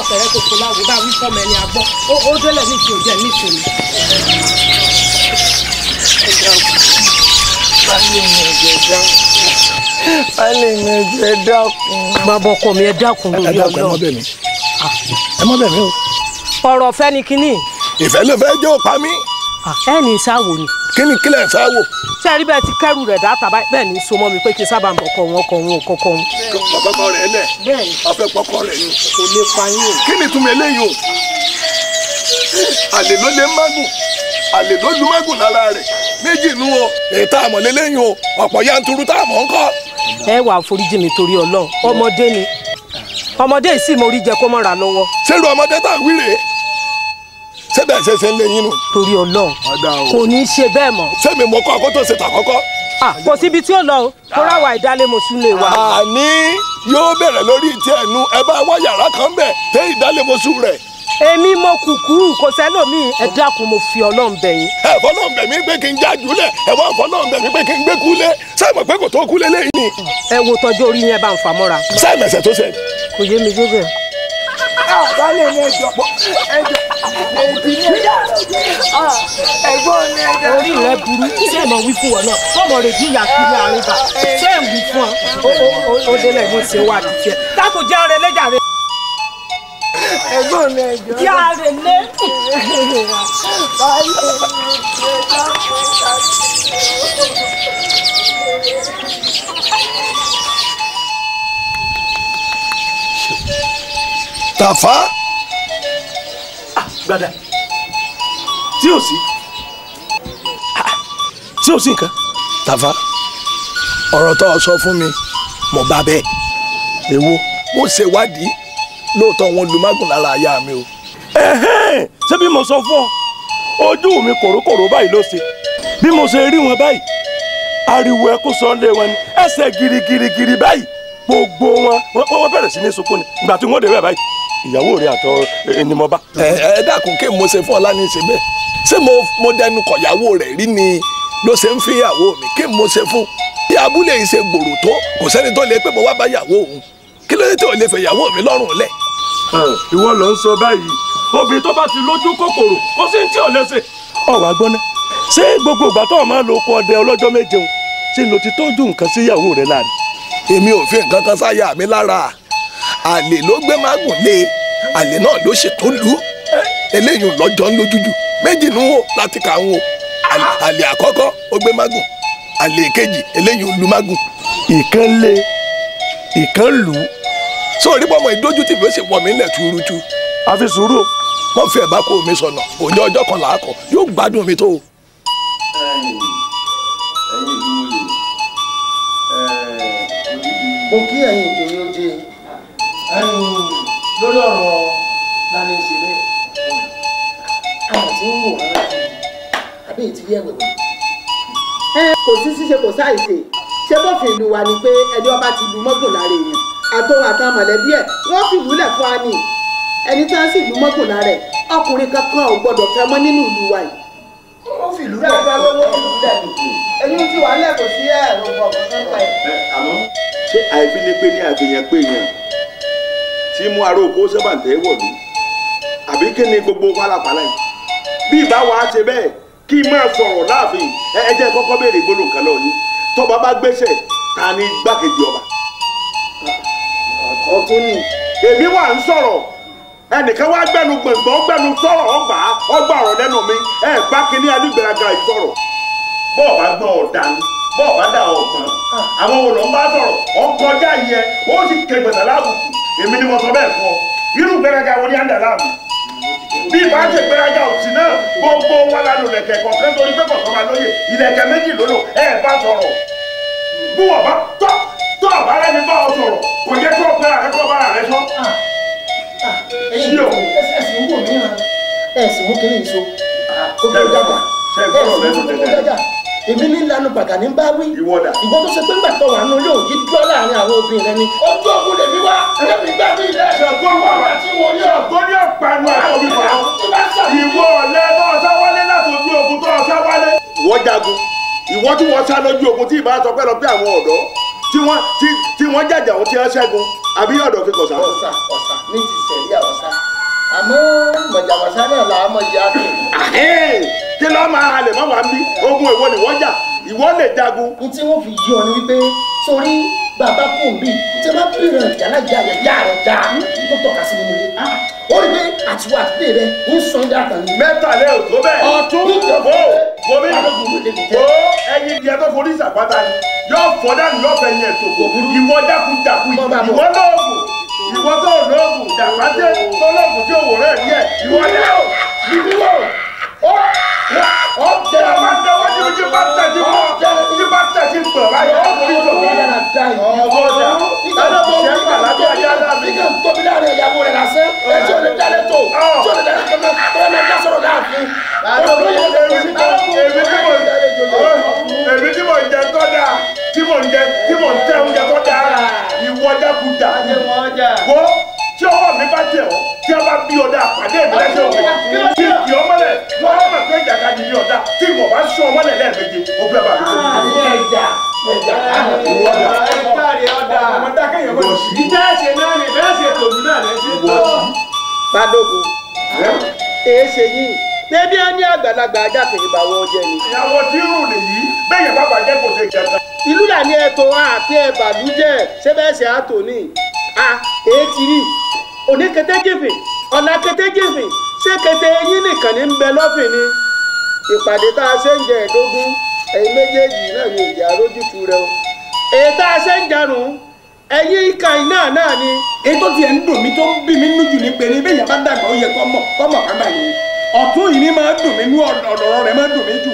ọ̀sẹ̀ rẹ kò láwùjọ bá wí fọ́ọ̀mù ẹni àgbọ̀ ó délẹ̀ ní ti òjẹ́ ní ìṣòro. baálé mi ẹ dákun. bàbá ọkọ mi ẹ dákun ẹ dákun ẹ mọ bẹ̀ mí ah. ẹ mọ bẹ̀ mí o. ọ̀rọ̀ ọ̀fẹ́ ni kínní. ìfẹ́ ló fẹ́ jẹ́ òpá mi. Ah, ẹ ní sáwò ni. kí ni kílẹ̀ sáwò. ṣé ẹ rí bẹ́ẹ̀ ti kẹ́rù rẹ̀ dáta bẹ́ẹ̀ ni so mọ́ mi pé kí sábà ń bọ̀ wọn kọ wọn kọ wọn. ọ̀pọ̀pọ̀ rẹ̀ lẹ̀ ọ̀fẹ́ pọ̀pọ̀ rẹ̀ ni. kò lè pa yín o. kí ni túmọ̀ eléyìí o àlè ló lé mágùn àlè ló lu mágùn lára rẹ̀ méjì nu o ètò àmọ̀lélẹ́yìn o ọ̀pọ̀ yanturu tá a mọ̀ ń kọ́ ẹ wà foríjì mi torí Ọlọ́run ọmọdé ni ọmọdé yìí sì mórí jẹ kó mọ́ra lọ́wọ́. sẹ́rù ọmọdé tá à ń wíre sẹ́bẹ̀ ṣẹ̀ṣẹ̀ ń lé yín nù. torí Ọlọ́run kò ní í ṣe bẹ́ẹ̀ mọ́. sẹ́mi mo kọ́ àkótó ṣe tàkọ́kọ́. kò síbi tí ó lọ o kó ra wà ìdálé mo sùn lè wà. àní yóò bẹ̀rẹ̀ lórí ti ẹnu ẹ bá wá yàrá kan bẹ̀ tẹ́ ìdálé sùn rẹ̀ èmi mo kùkú kò sẹ́lòmíì ẹ dákun mo fi ọlọ́run bẹ̀ yín. ẹ fọlọ́run bẹ̀ mí pé kí n jájú lẹ̀ ẹ wá fọlọ́run bẹ̀ mí pé kí n gbé kú sẹ́mi pé kò tó kú lẹ́yìn ni. ẹ wo tọjú orí yẹn bá ń fà mọ́ra. sẹ́mi ẹ̀sẹ̀ tó ṣe. kò yé mi tó bẹ̀. àbálẹ̀ ah, ni ẹjọ́ ẹjọ́ ẹ̀gbọ́n ni ẹjọ́. orí rẹ burú ṣé ẹ mọ wí rẹ bí ìyá kiri àríwá ṣé ẹ wí fún ọ ó délẹ̀ mo ṣe wá àdìsẹ́ dákun jẹ́ ọrẹ ẹ̀gbọ́n mi ẹ̀jọ́. yà á rè lé. báyìí ló ń bá mi ká sí. Tàfá. gbada ah, tí ò sí ah, tí ò sí nǹkan Tàfá ọ̀rọ̀ tó o sọ fún mi mo bá bẹ́ẹ̀ èwo mo ṣèwádìí lóòótọ́ wọn lu mágùn lára aya mi o. ṣé bí mo sọ fún ọ ojú mi kòrókòró báyìí ló ṣe bí mo ṣe rí wọn báyìí ariwo ẹkún sọ lé wọn ni ẹsẹ̀ girigirigiri báyìí gbogbo wọn wọn bẹ̀rẹ̀ sí ní sunkún ni ìgbà tí wọn dé rẹ báyìí ìyàwó rẹ àtọ ẹni mo bá. ẹ ẹ dákun kí mo ṣe fún ọ lánìí ṣe bẹ́ẹ̀ ṣé mo mo dẹnu kọyàwó rẹ rí ni ló ṣe ń fi ìyàwó mi kí mo ṣe fún bí abúlé yìí ṣe gbòòrò tó kò sẹ́ni tó lè pé mo wá bá ìyàwó òun kí ló dé tó lè fẹ̀yàwó mi lọ́rùn lẹ̀. ìwọ ló ń sọ báyìí obìnrin tó bá ti lójú kòkòrò kó sì ń tí ò lẹ́sẹ̀. ọ̀wá gbọ́ná ṣé gbogbo ìgbà tó o máa lo oko ọdẹ ọlọ́jọ́ méje o ṣé lo ti tọ́jú nǹkan síyàwó rẹ lára. èmi ò fi nǹkan kan sáyà mi lára àlè ló gbé mágùn lé àlè náà ló ṣe tó lù ú eléyìí lọ́jọ́ ń lójújù méjì nù wò láti kà ń wò àlè àkọ́kọ́ ó gbé mágùn àlè kejì eléyìí lu mágùn. ìkan lé ìkan lù ú sórí bọ́mọ ìdójútì ló sì wọ̀ mí lẹ̀ túrútú àfi sùúrù wọ́n fi ẹ̀bá kó mi sọ̀nà òní ọjọ́ kan làákọ̀ yóò gbádùn mi tó. mo kí ẹ̀yin ìjòyè oje lórí ọ̀rọ̀ lálẹ́ ìṣẹ̀lẹ̀ àwọn tí ń wò wá àbí ìtúyẹ̀wẹ̀wẹ̀ kò sí ṣíṣe kò sáì ṣe ṣé bófin ìlú wa ni pé ẹni ọba ti lu mọ́gùn lára èèyàn àtòun àtàwọn mọ̀lẹ́bí ẹ̀ wọ́n fi ìwúlẹ̀ fún wa ni ẹni tí wọ́n sì lu mọ́gùn lára ẹ̀ ọkùnrin kankan ò gbọ́dọ̀ fẹ́ mọ́ nínú ìlú wa yìí. ó fi ìlú rẹ̀ fẹ́ lọ́wọ́ ìlú rẹ̀ nìkú ẹni tí wàá lẹ́kọ̀ọ́ sí ẹ̀ ló pọ̀ fún ṣé àìbílẹ̀pẹ̀ ní àgbèyàn pé yẹn tí mú aró kó sẹ́bàǹtẹ́ wọ̀lú àbí kí ni gbogbo pálapàla yìí bí ìbá wa ṣe bẹ́ẹ̀ kí n máa sọ̀rọ̀ láàfin ẹ jẹ́ kọ́kọ́ béèrè gbólóǹkan lọ́ọ́ yìí tọba bá gbéṣẹ ta ni igbákejì ọba. ọtún ni. èmi wà ń sọ̀rọ̀ ẹnìkan wá gbẹnu gbọ̀ngbọ̀n gbẹnu sọ̀rọ̀ ọgbà ọgbà ọ̀rọ̀ lẹ́nu mi ẹ gbá kínní adigbaraga ìsọ̀rọ̀ bọ́ọ̀ bá gbọ́ ọ̀dà ni bọ́ọ̀ bá dà ọ̀gbọ́n àwọn olùwọ́n bá sọ̀rọ̀ ọkọjá yẹ wọ́n sì kẹgbẹ̀sà láàbùkù èmi ni mo sọ bẹ́ẹ̀ fọ́ irú gbẹ̀rẹ̀gà wo ni à ń dà láàbùkù bí ìbá ṣe gbéraga òsì náà gbogbo wa la lò lẹ̀kẹ̀ kọ̀ọ̀kan torí pé kọ̀ọ̀kan máa lóye ìlẹ̀kẹ̀ méjì ló lò ẹ bá sọ̀rọ̀ bí wọ́n bá tọ́ tọ́ ọ̀bá rẹ̀ ní bá ọ sọ̀rọ̀ kò yẹ kó ọ̀pẹ́ rẹ̀ kó ọ̀bá rẹ̀ sọ. sí ah, ah, o. ẹsìn wò mí hàn ẹsìn wò kí ni èso. ó fẹ́ dàgbà. ṣe é gbọ́dọ̀ lẹ́nu tẹ́tẹ́ èmi ní lanu bàtà ní bá wí. ìwọ dà. ìwọ tó ṣe pé ńgbà tó wà nínú yóò yí dúró láàrin àwọn obìnrin rẹ ni. ojú òkun lèmi wá lẹ́mi gbà mí lẹ́. ṣàgbọ́ wà wá tí mo ní ọ̀gbọ́n ní ọ̀pẹ̀nu àtọ̀bí fà. ìwọ ọ̀lẹ́ tó ọ̀sá wálé látòjú òkun tó ọ̀sá wálé. ìwọ jagun ìwọ tí wọ́n sá lójú òkun tí ìbá sọ pé lọ bí àwọn ọ̀dọ́ tí wọ́n jàjà òun tí wọ́n ṣẹ́gun àbí ọ̀dọ̀ fi kọ̀sà. ọ̀sà ọ̀sà ní ti sẹ̀ríà ọ̀sà àmọ́ mọ̀jàmọ̀sá náà làá mọ̀ yá kí kí ló máa halẹ̀ mọ́ wà ń bí ogun èwo ni wọ́n jà ìwọ lè jagun. n tí wọ́n fi yọ ni wípé sórí bàbá kùnbí tí wọ́n bí rẹ̀ jàlájà rẹ̀ yá rẹ̀ já tó tọ́ka sí nínú ilé. Ah, ó rí pé àtiwọ́ àtúndé rẹ̀ ń sọ ní dàtà ni. mẹ́tàlẹ́ ò tó bẹ́ẹ̀. ọ̀tún ìjọba bomi o ẹyin diẹ tó forí ìsàpáta ni yóò fọdá ni yóò fẹ̀yìn ẹ̀tọ́ ìwọ dákúndàkú ìwọ náà kù ìwọ tó lóògùn dàgbàdé tó lóògùn tí òwò rẹ̀ rí ẹ̀ ìwọ náà ìwọ ó jẹ ẹ máa tẹ wọ́n ju ju bá tẹ̀sí pọ̀ ju bá tẹ̀sí pọ̀ báyìí ó fi tó kọ́ ẹ̀ dá yìí. ọ̀bọ̀ dà ẹ̀rọ bọ̀ wí ká lábẹ́ ajá láàbí. bí kò tóbi láàrin ìyàwó rẹ̀ lásán ẹ̀ tí ò lè dalẹ̀ tó tí ò lè dalẹ̀ tó náà tó náà dá sọ̀rọ̀ láàfin. èmi tí mò ń jẹ tó dáa tí mò ń jẹ tí mò ń tẹ oúnjẹ tó dáa ìwọ jákujà wo tí ọwọ́ mi bá tẹ̀ ọ́ tí a bá bí ọ̀dà àpàdé mi lẹ́sẹ̀ òwe tí ìdí ọmọlẹ̀ wọ́n á mà fẹ́ jàkà ní ní ọ̀dà tí ìwọ̀n bá sún ọmọlẹ̀ lẹ́ẹ̀mejì ó bá mi tó ní. ẹja ẹja ọ̀dà ọ̀dà ọ̀dà kẹ́yìn ọ̀dà ìtẹ́ẹ̀ṣẹ̀ náà ni bẹ́ẹ̀ ṣe tòun náà lẹ́sẹ̀ tó. Bádógo èé ṣe yìí débi ẹni àgbàlagbà ajá kìrìbà wọ ọjẹ ni. ìyàwó tí ń rùn nìyí bẹ́ẹ̀ bàbá jẹ́ kò ṣe ìjẹta. ìlú là ẹ̀tọ́ àpé ẹ̀bàlú jẹ́ ṣé bẹ́ẹ̀ a èé ti òní kété jìnfì ọ̀la kété jìnfì ṣé kété eyín nìkan ní ń bẹ lọ́fìn ni ìpàdé tá a ṣe ń jẹ ìdógún ẹ̀yin méjèèjì náà yóò jẹ́ àrójútu rẹ o èyí tá a ṣe ń jarùn ẹ̀yin ìka iná náà ni. èyí tó tiẹ̀ ń dùn mí tó ń bí mi nújù ní pé ní bẹ́ẹ̀ yàrá dàgbà ó yẹ kọ́mọ̀ kọ́mọ̀ kábà yìí ọ̀tún yìí ni máa dùn mí nú ọ̀dọ̀rọ̀ rẹ̀ máa dùn mí jù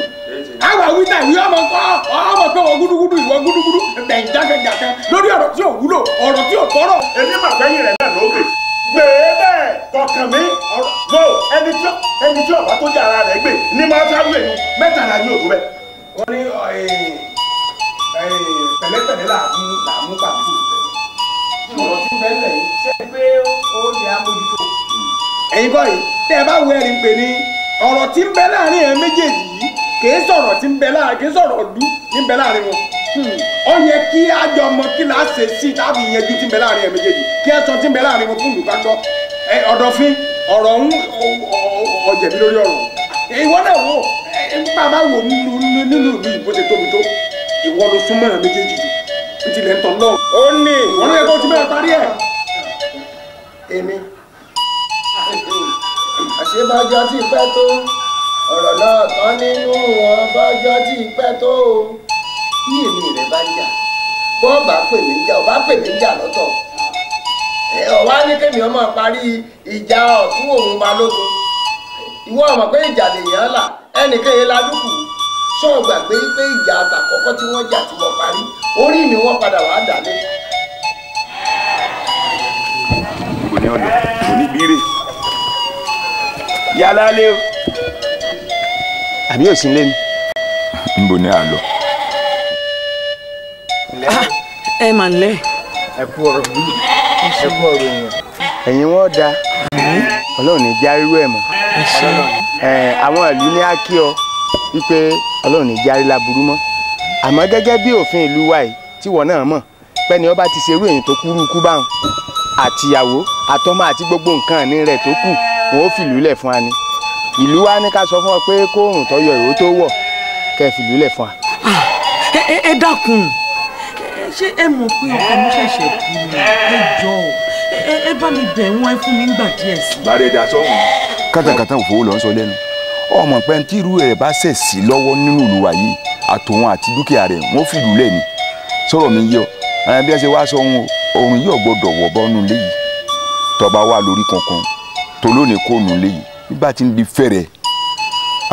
àwa wíta ìwé ọmọ kọ́ ọmọ pé wọ́n gúdúgúdú ìwọ gúdúgúdú ẹ̀yìn jákèjákè lórí ọ̀rọ̀ tí ò wúlò ọ̀rọ̀ tí ò tọ́rọ̀. èmi màgbẹ́yìn rẹ̀ gbèé bẹ́ẹ̀ kọkàn mi no ẹni tí ẹni tí ọba tó jẹ ara rẹ̀ gbè ní máa sáré ẹni mẹ́ta la yóò tó bẹ. wọ́n ní pẹ̀lẹ́pẹ̀lẹ́ làámú làámú pàtó ọ̀rọ̀ tí bẹ́ẹ̀ lẹ̀ yìí ṣe pé ó yẹ amójútó. ẹ̀yin bọ́yì tẹ́ ẹ bá wọ ẹ̀rí pè ní ọ̀rọ̀ tí ń bẹ láàrin ẹ̀ méjèèjì yìí kì í sọ̀rọ̀ tí ń bẹ láàrin kì í sọ̀rọ̀ ọdún ní bẹ láàrin wọn ó yẹ kí àjọ ọmọ kí là á ṣe sí tábì yẹjú tí ń bẹ láàrin ẹ̀ méjèèjì kí ẹ sọ tí ń bẹ láàrin wọn fún olùgbàgbọ́ ọ̀dọ̀fín ọ̀rọ̀ ń ọ̀jẹ̀bí lórí ọ̀rọ̀ ìwọ náà wò bàbá wò nínú ìlú ìbò ṣe tóbi tó ìwọ ló súnmọ́ ẹ̀ méjèèjì jù ní tilẹ̀ ń tọ́ náà. ó ọ̀rọ̀ náà tán nínú wọn bọ́jọ́ tí ì pẹ́ tó o bí èmi rẹ̀ bá ń jà bọ́ bá pè mí ń jà ọba pè mí ń jà lọ́tọ̀ ọ̀wá ní kémi ọmọ parí ìjà ọ̀tún òun balógun ìwọ ọmọ pé ìjà lèèyàn là ẹnìkéye ládùkù sọ gbàgbé pé ìjà àtàkọ́kọ́ tí wọ́n jà tí wọ́n parí orí mi wọ́n padà wàá dàlé. kò ní ọ̀dọ̀ kò ní bírè yálà lé o àbí yóò sí ilé ni. n bò ní àlọ. ẹ mà ń lẹ. ẹ kú ọ̀rọ̀ bí ẹ kú ọ̀rọ̀ èèyàn. ẹ̀yin wọn da ọlọ́run ní járí rú ẹ̀ mọ́ àwọn ìlú ní á kí ọ wípé ọlọ́run ní járí láburú mọ́ àmọ́ gẹ́gẹ́ bí òfin ìlú wa yìí tíwọ náà mọ̀ pẹ́ni ọba ti ṣerú èyí tó kúrú kú báwọn àtìyàwó àtọmọ àti gbogbo nǹkan ní rẹ̀ tó kù wọn ó fìlú lẹ̀ fún wa ìlú wa ní ká sọ fún ọ pé kóòrùn tó yọ ìró tó wọ̀ kẹ́ ẹ fìlú lẹ̀ fún wa. Ah, ẹ dákun ṣé ẹ mọ̀ pé ọkọ mi ṣẹ̀ṣẹ̀ kú ni ẹ jọ ẹ bá mi bẹ̀ wọ́n fún mi nígbà díẹ̀ sí. bàrẹ̀ ẹ̀dá sọ̀rọ̀. kátàkátà òfowó lọ sọ lẹ́nu ọmọ pẹ́ntìrú rẹ̀ bá ṣẹ̀ sí lọ́wọ́ nínú ìlú yìí àtòun àti dúkìá rẹ̀ wọ́n fìlú lẹ̀ ni sọ̀rọ̀ mi yọ ẹ̀rìn bí ẹ ṣe wá sọ ohun òun yóò gbọ́dọ̀ wọ̀ bọ́nú léyìí tọba wà lórí kankan tó lónìí kó léyìí nígbà tí ń di fẹ̀rẹ̀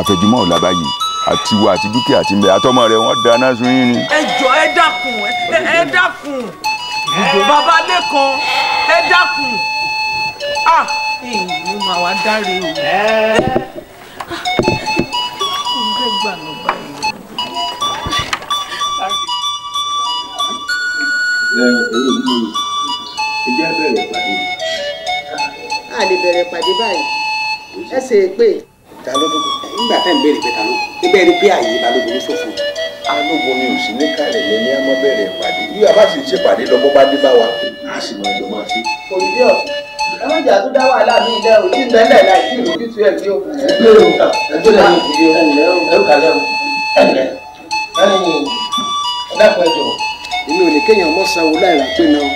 àfẹ̀jùmọ́ ọ̀la báyìí àti wa àti dúkìá àti mbẹ àtọmọ rẹ wọn dáná sun yín ni. ẹ jọ ẹ dákun ẹ dákun bàbá lẹ́kan ẹ dákun ah ìlú màá wá dáre o. ǹjẹ́ gbà ló bá yẹ. a lè bẹ̀rẹ̀ pàdé báyìí ẹ ṣe é pé. ta ló dúró nígbà tá à ń béèrè pé ta ló kú bẹ́ẹ̀ ni pé ààyè balógun ló ṣòfò. alógun ni ò sí ní kálẹ̀ lé ní àmọ́ bẹ̀rẹ̀ ìpàdé bí a bá sì ṣe pàdé lọ́gbọ́n bá dé bá wa a sì máa jọ máa ṣe. òyìnbí ọ̀sán ẹ má jà tó dá wàhálà mi ilẹ̀ o tí ìgbẹ́ ńlẹ̀ láì sí ìròyìn tó yẹ kí o. ẹ gbé o ẹ tó lẹ́yìn ìdílé èmi ò ní kéèyàn mọ́ sanwó láì rà pé náà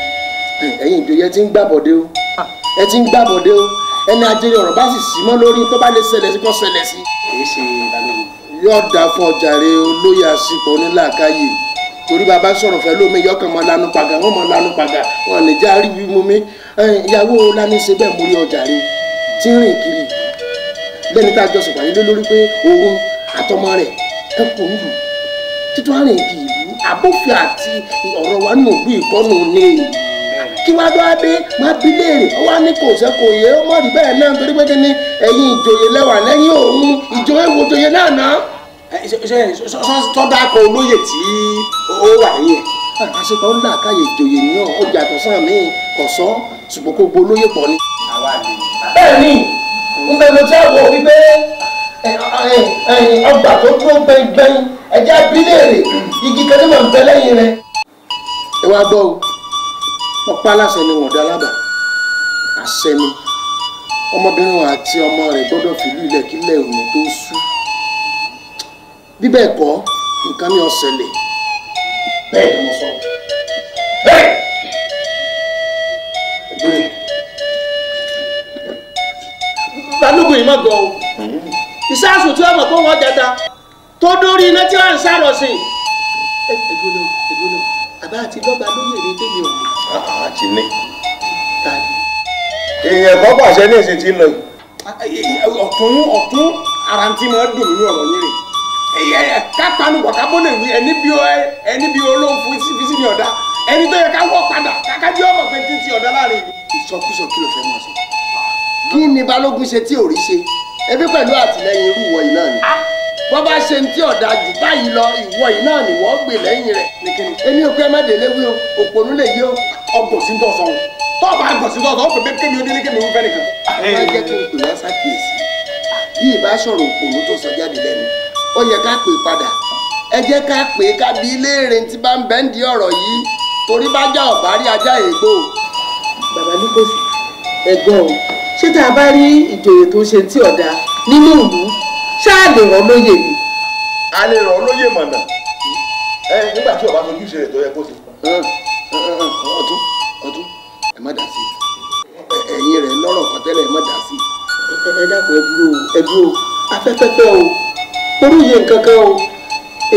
ẹ̀yin ìjòyè ti ń gbàbọ̀dé o ah. ẹ ti ń gbàbọ̀dé o ẹni ajẹrẹ ọ̀rọ̀ bá sì sí mọ́ lórí tó bá lè ṣẹlẹ̀ sí kó ṣẹlẹ̀ sí. kìí ṣe ìbálòpọ̀. yóò dà fún ọjàre olóyè àsìkò onílàákàyè torí bàbá sọ̀rọ̀ fẹ́ lómi yọkàn mọ́ lanu pàgà wọ́n mọ́ lanu pàgà wọn lè já rí bí mu mi ìyàwó lani ṣe bẹ́ẹ̀ mórí ọjàre tí ń rìn kiri lẹ́ni tá a jọ sọ̀pàdé lé lórí pé òun àtọmọ rẹ̀ ẹ kò ń lù títún àrìn kì í lù àbófin àti ọ̀rọ̀ wa nù bí ìkọ́nù ní èyí kí wá ló dé wọn bí léèrè wá ní kò sẹ́ kò yẹ ó rí bẹ́ẹ̀ náà torí pé kí ẹ̀yin ìjòyè lẹ́wà lẹ́yìn òun ìjòyè wo jòyè náà ná. tọ́dà kan olóyè tí ó wà yẹn. Ah, àṣepọ̀ ń là káyè ìjòyè náà ó yàtọ̀ sáà mí kọ̀sọ́ ṣùgbọ́n kó gbolóyè pọ̀ ni. bẹ́ẹ̀ ni ń bẹ lọ sí àwọ̀ wípé ọgbà tó dúró gbẹngbẹng ẹ̀jẹ̀ abílẹ̀ rẹ̀ igi kan ní mọ̀ ń ọpá aláṣẹ ni wọ̀dà alábà àṣẹ ni ọmọbìnrin àti ọmọ rẹ̀ gbọ́dọ̀ fìlú ilẹ̀ kílẹ̀ òní tó sú bí bẹ́ẹ̀ kọ́ nǹkan mi ò ṣẹlẹ̀ bẹ́ẹ̀ ni mo sọ. balógun yìí má gọ o ìsáàsù tí wọn mọ̀ pé wọn jata tó dórí iná tí wọn ń sárọ̀ sí i. ẹ ẹ gbọ́dọ̀ ẹ gbọ́dọ̀ àbá àti lọ́ba lóyè rẹ tèmi ò mọ̀. àti ah, ah, ní. ta ni. èèyàn kan pàṣẹ ní ìsìn tí ń lọ yìí. Ah, eh, eh, eh, ọ̀tún ọ̀tún ara ti máa dùn nínú ọ̀rọ̀ yìí rè kápánu bọ̀kábó lè wí ẹni bí ẹni bí olóhùn fi sí ní ọ̀dá ẹni tó yẹ ká wọ́ padà kákájú ọmọ pé tí ń ti ọ̀dá láàrin ìlú. ìsọkúsọ kí ló fẹ́ mọ̀ sí. kí ni balógun ṣe tí ò rí ṣe ebi pẹ̀lú àtìlẹyìn irú ìwọ náà ni wọ́n bá ṣe ti ọ̀dà jù báyìí lọ ìwọ yìí náà ni wọ́n gbè lẹ́yìn rẹ̀ nìkìnnì èmi ò pé mẹ́tẹ̀lẹ́ wí o òpònú lè yí o ọgbọ̀n sí tọ̀sán o tọ́ọ̀bù àgbọ̀sìn tọ̀sán o pè pé kémi ó délé kémi ó fẹ́ nìkan. wọ́n jẹ́ kí n pè wá sákìyèsí bí ìbá sọ̀rọ̀ òpònú tó sọ jáde lẹ́nu ó yẹ ká pè padà ẹ jẹ́ ká pè ká bí iléèrè ti bá ń bẹ́ǹdì ọ̀rọ̀ yìí torí bá já ọ̀bá rí ajá ègbò. bàbá ní kò sí ẹ̀gbọ́n ṣé tá a bá rí ìjòyè tó ṣe tí ọ̀dà nínú ìlú ṣáà lè rán lóyè ni. a lè rán lóyè mọ̀nà nígbà tí ọba tójú ṣe rẹ̀ tó yẹ kó ṣe. ọtún ọtún ẹ má dà sí ẹ̀yin rẹ̀ lọ́rọ̀ kan tẹ́lẹ̀ ẹ má dà sí ẹ dákun ẹ dúró ẹ dúró afẹ́fẹ́fẹ́ o orúyè nkankan o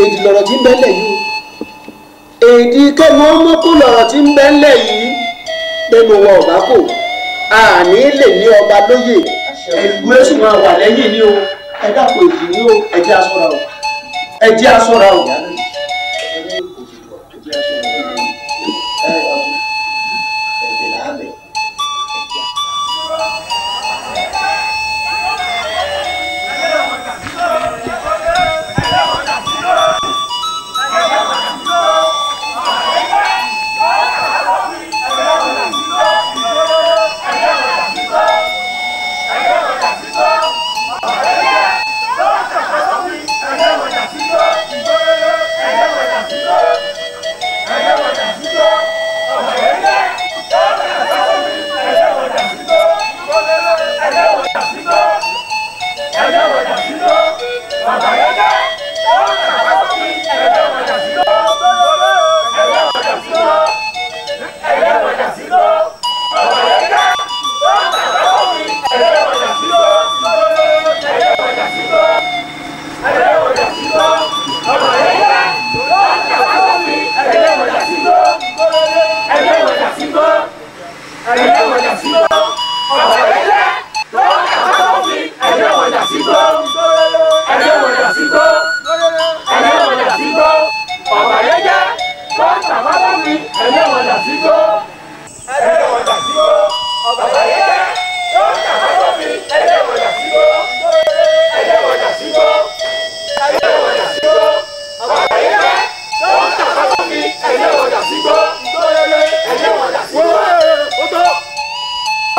èdè lọ̀rọ̀ tí ń bẹ́lẹ̀ yìí o èdè kẹ́mọ́ mọ́kù lọ̀rọ̀ tí ń bẹ́lẹ̀ yìí nínú wọn ọ̀bá kò àní lè ní ọba lóyè ẹ̀gbọ́n èṣù máa wà lẹ́yìn ní o ẹ dàpọ̀ èsì ní o ẹ jẹ́ aṣọ́ra o ẹ aṣọ́ra o.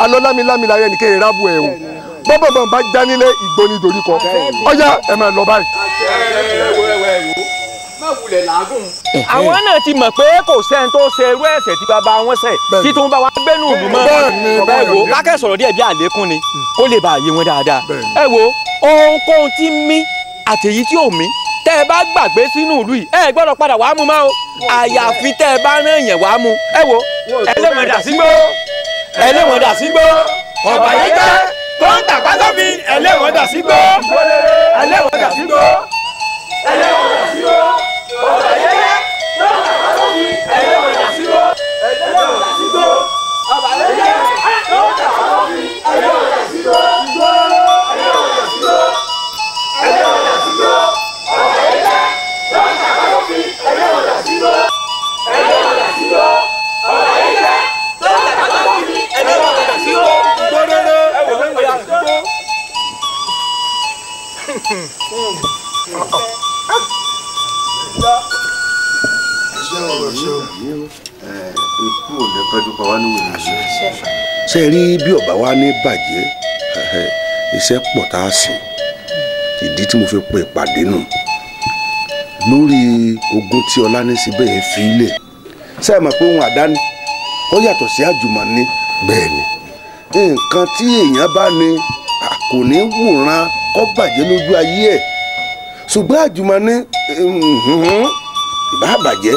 alọ́ lámilámi lára ẹnì kéèrè rábù ẹ̀ o bọ́bọ̀bọ̀ bá já nílé ìgbó ní dorí kọ ọjà ẹ máa lọ báyìí. àwọn náà ti mọ̀ pé kò sẹ́ni tó ṣe irú ẹ̀ṣẹ̀ tí bàbá wọn ṣẹ̀ tí tó ń bá wa gbẹ́nu ìlú mọ́ ẹ wo kákẹ́ sọ̀rọ̀ díẹ̀ bí àlékún ni hmm. kó lè bá àyè wọn dáadáa ẹ wo ohunkóhun tí mí àtèyí tí ò mí tẹ́ ẹ bá gbàgbé sínú ìlú yìí ẹ gbọ́dọ̀ padà wàá mú máa o àyàfi tẹ́ ẹ bá rán èèyàn wàá mú ẹ wo ẹ lè mọ̀ dà sígbó ẹlẹ́wọ̀n dà sí gbó. ọ̀bà yìí jẹ́ tó ń tàpá sófin ẹlẹ́wọ̀n dà sí gbó. ẹlẹ́wọ̀n dà sí gbó. ẹlẹ́wọ̀n dà sí gbó. ọ̀bà yìí. tọ́jú pa wá níwèé ní ṣe. ṣé ẹ rí bí ọba wa ní bàjẹ́ iṣẹ́ pọ̀ tá a sìn ìdí tí mo fi pe ìpàdé nù lórí ogún tí ọlá ní síbẹ̀ yẹn fi lè ṣe é mọ̀ pé òun àdáni ó yàtọ̀ sí àjùmọ̀ni bẹ́ẹ̀ ni nǹkan tí èèyàn bá ní kò ní wòran kó bàjẹ́ lójú ayé ẹ̀ ṣùgbọ́n àjùmọ̀ni ìbá bàjẹ́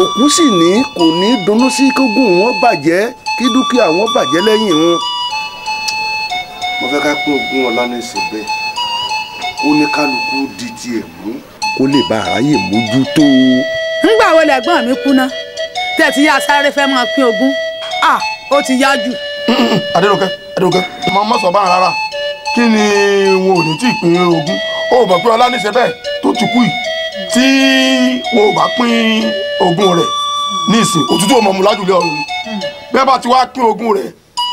òkú sì ní kò ní dunnú sí kógùn wọn bàjẹ́ kí dúkìá wọn bàjẹ́ lẹ́yìn wọn. mo fẹ́ ká pín ogún ọlá ní ìsìn bẹ́ẹ̀ ó ní kálukú di tiẹ̀ mú. kó lè bá àráyè mójútó. ńgbà wo lẹ́gbọ́n mi kúná tẹ̀sí yá sáré fẹ́ máa pín ogún ah ó ti yá jù. adérókè adérókè màá má sọ báyìí rárá kí ni wọn ò ní tí ì pín ogún ó mọ̀ pé ọlá ní ìsìn bẹ́ẹ̀ tó ti yìí tí wọn ò bá pín ogún rẹ̀ ní ìsìn òtútù ọmọ mu lájúlé ọ̀run bẹ́ẹ̀ bá ti wá pín ogún rẹ̀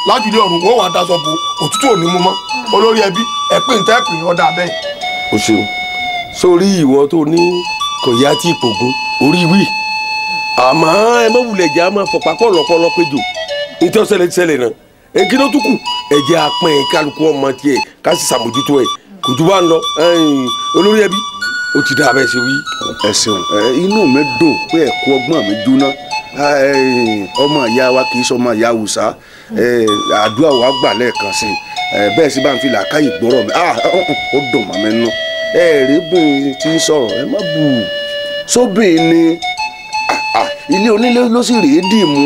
lájúlé ọ̀run wọn ò wá daṣọ bo òtútù ò ní mú olórí ẹbí ẹ pín ní tẹ́ẹ̀pì o ṣeun sórí ìwọ tó ní kọ̀yà tí ìpògùn orí wí àmọ́ ẹ má wulẹ̀ jẹ́ àmọ́ fọ̀pá pọ̀lọpọ̀lọ péjò nítorí ṣẹlẹ̀ ṣẹlẹ̀ náà èkì ló tún kù ẹ̀jẹ̀ apẹ̀ kálukú ọmọ tiẹ̀ ká sì ẹ̀ kò ń lọ olórí ẹbí ó ti dáa bẹ́ẹ̀ ṣe wí. ẹ ṣeun inú mi dùn pé ẹ̀kú ọgbọ́n mi jóná ọmọ ìyá wa kì í sọmọ ìyá awùsá àdúrà wa gbà lẹ́ẹ̀kan sí i bẹ́ẹ̀ sì bá ń fi làákàyè gbọ́rọ̀ mi ó dùn mọ́ mi nù ẹ rí bóyá tí ń sọ̀rọ̀ ẹ má bù ú sóbìn ni ilé onílé ló sì rèé dì mú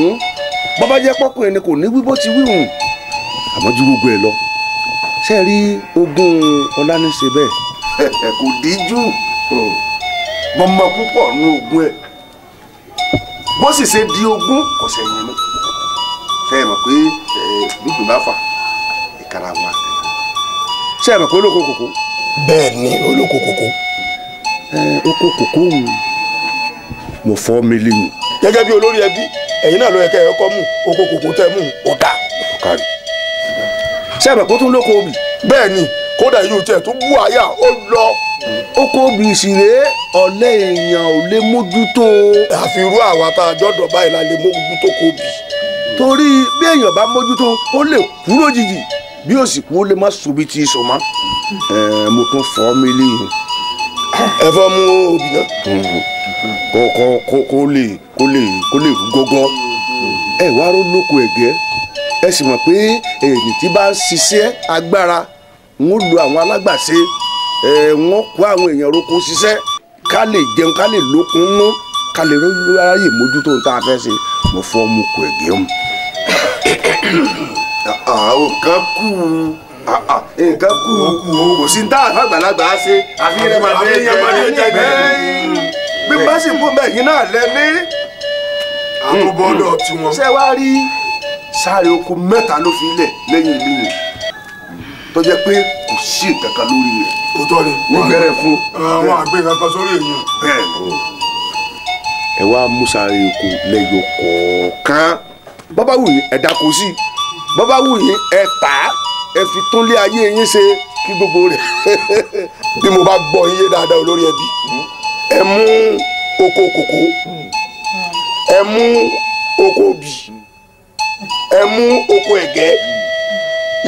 bọ́bá jẹ́ pọ́kùnrin ni kò ní wí bó ti wí hùn àmọ́ ju gbogbo ẹ̀ lọ ṣe rí ogún ọlá ní ṣe bẹ́ẹ̀ kò díjú. Hmm. mo mọ púpọ̀ nínú ogún ẹ̀ bó sì ṣe di ogún ọ̀sẹ̀ yẹn mọ́ fẹ́ẹ̀ mọ̀ pé gbígbìn bá fà ìkara wọn àtẹ̀yìn ṣé ẹ mọ̀ pé olóko kòkó. bẹ́ẹ̀ ni olóko kòkó. Eh, oko kòkó mo fọ́ mi léwu. gẹ́gẹ́ bí olórí ẹbí ẹ̀yin náà ló yẹ kẹ́ ẹ kọ́ mú oko kòkó tẹ́ mú ọ̀dà. ọ̀kadì. ṣé ẹ mọ̀ pé ó tún lóko obì. bẹ́ẹ̀ ni kódà yóò tiẹ̀ tún bú àyà ó lọ oko bí ìṣiré ọ̀lẹ́ èèyàn ò lè mójútó. àfirú àwa tá a jọ́dọ̀ báyìí la lè mójútó kò bì. torí bí èèyàn bá mójútó ó lè kú lójijì bí ó sì kú ó lè má sobi ti sọ mọ́. ẹ mo tún fọ́ mi léyìn. ẹ fọ́ mú obì náà. kó kó kó lè kó lè kó lè rú gọ́gọ́. ẹ wá ró lóko ẹ̀gẹ́ ẹ sì mọ̀ pé èyí tí bá ń ṣiṣẹ́ agbára ń lo àwọn alágbàṣe wọ́n kó àwọn èèyàn roko ṣiṣẹ́ ká lè jẹun ká lè lókun mú ká lè ráyè mójútó ohun tá a fẹ́ ṣe mo fọ́ mu kò ẹ̀gẹ́ mu. àwọn kan kú nǹkan kú kò sí tá àgbàlagbà ṣe àfihàn máa fi jẹ bí bá sì kú bẹ́ẹ̀ yín náà lẹ́ni. àkóbọ́dọ̀ tiwọn. ṣé wàá rí sáré oko mẹ́ta ló fi lẹ̀ lẹ́yìn ilé yẹn tó jẹ́ pé kò sí nǹkan kan lórí rẹ̀ òótọ́ ni. nígbẹ̀rẹ̀ fún. àwọn àgbẹ̀ kankan sórí èèyàn. bẹ́ẹ̀ ni ẹ wá musare oko lẹ́yọ kọ̀ọ̀kan bàbá wù yín ẹ dáko sí bàbá wù yín ẹ tà á ẹ fi túnlé ayé yín ṣe kí gbogbo rẹ̀ [laughs] bí mo bá gbọ́ yín yé dáadáa olórí ẹbí ẹ mú oko kòkó ẹ mú oko bì ẹ mú oko ẹ̀gẹ́. Mm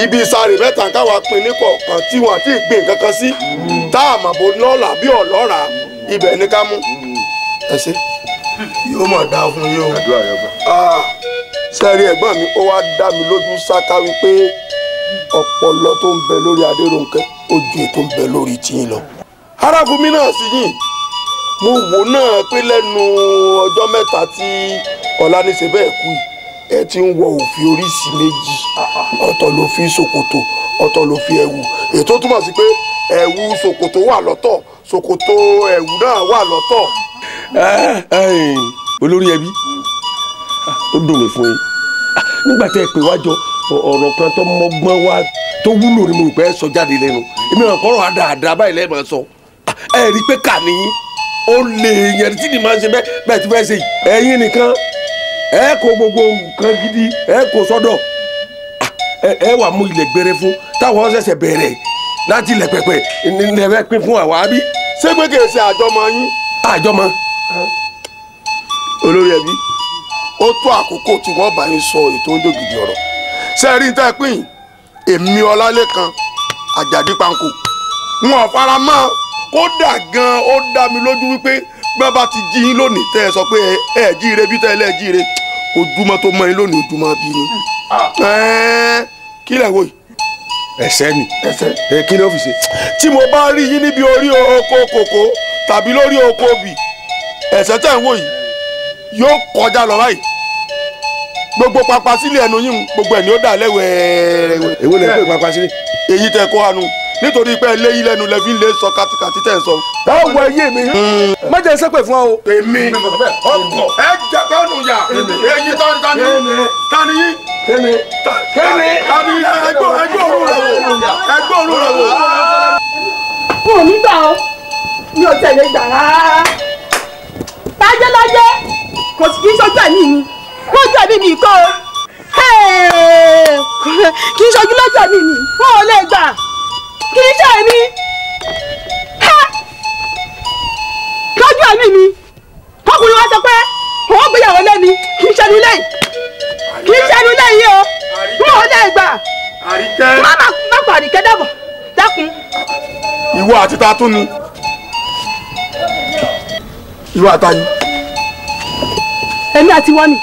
ibi ìsàrè mẹ́ta káwa pin ní kọ̀ọ̀kan tí wọ́n ti gbìn kankan sí tá a mọ̀ bó lọ́la bí ọ̀lọ́ra ibẹ̀ ní ká mú. ẹ ṣe yóò mọ̀ dáa fún yóò. sẹ́rí ẹ̀gbọ́n mi ó wá dá mi lójú sáká wípé ọpọlọ tó ń bẹ lórí Adérónkẹ́ ó ju èyí tó ń bẹ lórí tiyín lọ. arábùnmi náà sì yìn mo wò náà pé lẹ́nu ọjọ́ mẹ́ta tí ọ̀la ní ṣe kú yìí ẹ ti ń wọ òfin oríṣi méjì ọ̀tọ̀ ló fi ṣòkòtò ọ̀tọ̀ ló fi ẹ̀wù ètò túmọ̀ sí pé ẹ̀wù ṣòkòtò wà lọ́tọ̀ ṣòkòtò ẹ̀wù náà wà lọ́tọ̀. olórí ẹbí ó dùn mí fún yín nígbà tẹ́ ẹ pè wájọ ọ̀rọ̀ kan tó mọ́gbọ́n wá tó wúlò ni mo rò pé ẹ sọ jáde lẹ́nu èmi ràn kọ́rọ̀ àdáadáa báyìí lẹ́ẹ̀ máa sọ ẹ rí i pé kà nìyí ó lè yẹn tí ni máa ń ṣe bẹ́ẹ̀ bẹ́ẹ̀ ti fẹ́ ṣe ẹ̀yin nìkan ẹ kó gbogbo nǹkan gidi ẹ kó sọ́dọ̀ ẹ wà mú ilẹ̀ gbére fún táwọn ṣẹ̀ṣẹ̀ bẹ̀rẹ̀ láti ilẹ̀ pẹ̀pẹ̀ ilẹ̀ bẹ́ẹ̀ pín fún àwa bí. ṣé pé kì í ṣe àjọmọ yín. àjọmọ olórí ẹbí ó tó àkókò tí wọ́n bá yín sọ ètò oúnjẹ gidi ọ̀rọ̀ ṣe rí tẹ́ pín èmi ọlálẹ́kan àjàdí panko wọn fara mọ́ kódà gan-an ó dá mi lójú wípé bá bá ti jí yín lónìí tẹ́ ẹ sọ pé ẹ jíire bí tẹ́ ẹ lẹ́ jíire ojúmọ́ tó mọ yín lónìí ojúmọ́ bí ni. Ah. kí lẹ̀ wò yìí. ẹsẹ ni ẹsẹ kí ló fi ṣe. tí mo bá rí yín níbi orí oko kòkó tàbí lórí oko bì ẹsẹ tẹ̀ ń wò yìí yóò kọjá lọ báyìí gbogbo papa sílé ẹnu yín gbogbo ẹ̀ ni ó dà lẹ́wẹ̀ẹ́rẹ́wẹ̀. èwo lè gbé papa sílé. èyí tẹ kó anu nítorí pé ẹ léyìí lẹ́nu lẹ́bí lè sọ kàtìkàtì tẹ̀ sọ. báwo wọ iye mi. Hmm. má jẹ́ sẹ́pẹ̀ fún ọ. èmi ọkọ ẹ jẹ kọ́nù yà èyí tani tani tani tani tani ẹgbẹ́ òru rẹ̀ wò ẹgbẹ́ òru rẹ̀ wò. n ò ní gbà ó mi ò tẹ̀lé gbà rárá. tájẹ́lájẹ́ kò sì kí sọ́jà ní mi lọ́jọ́ mi nì kó kì í ṣojú lọ́jọ́ mi nì wọn ò lè gbà kì í ṣe mi lójú ẹ̀mí mi kọkùnrin wa sọ pé òun gbéyàwó lẹ́mi kì í ṣẹnu lẹ́yìn kì í ṣẹnu lẹ́yìn o wọn ò lè gbà má má pa àríkẹ́ dàbọ̀ dákun. ìwọ àti ta tún ni ìwọ àtayín. èmi àti wọn ni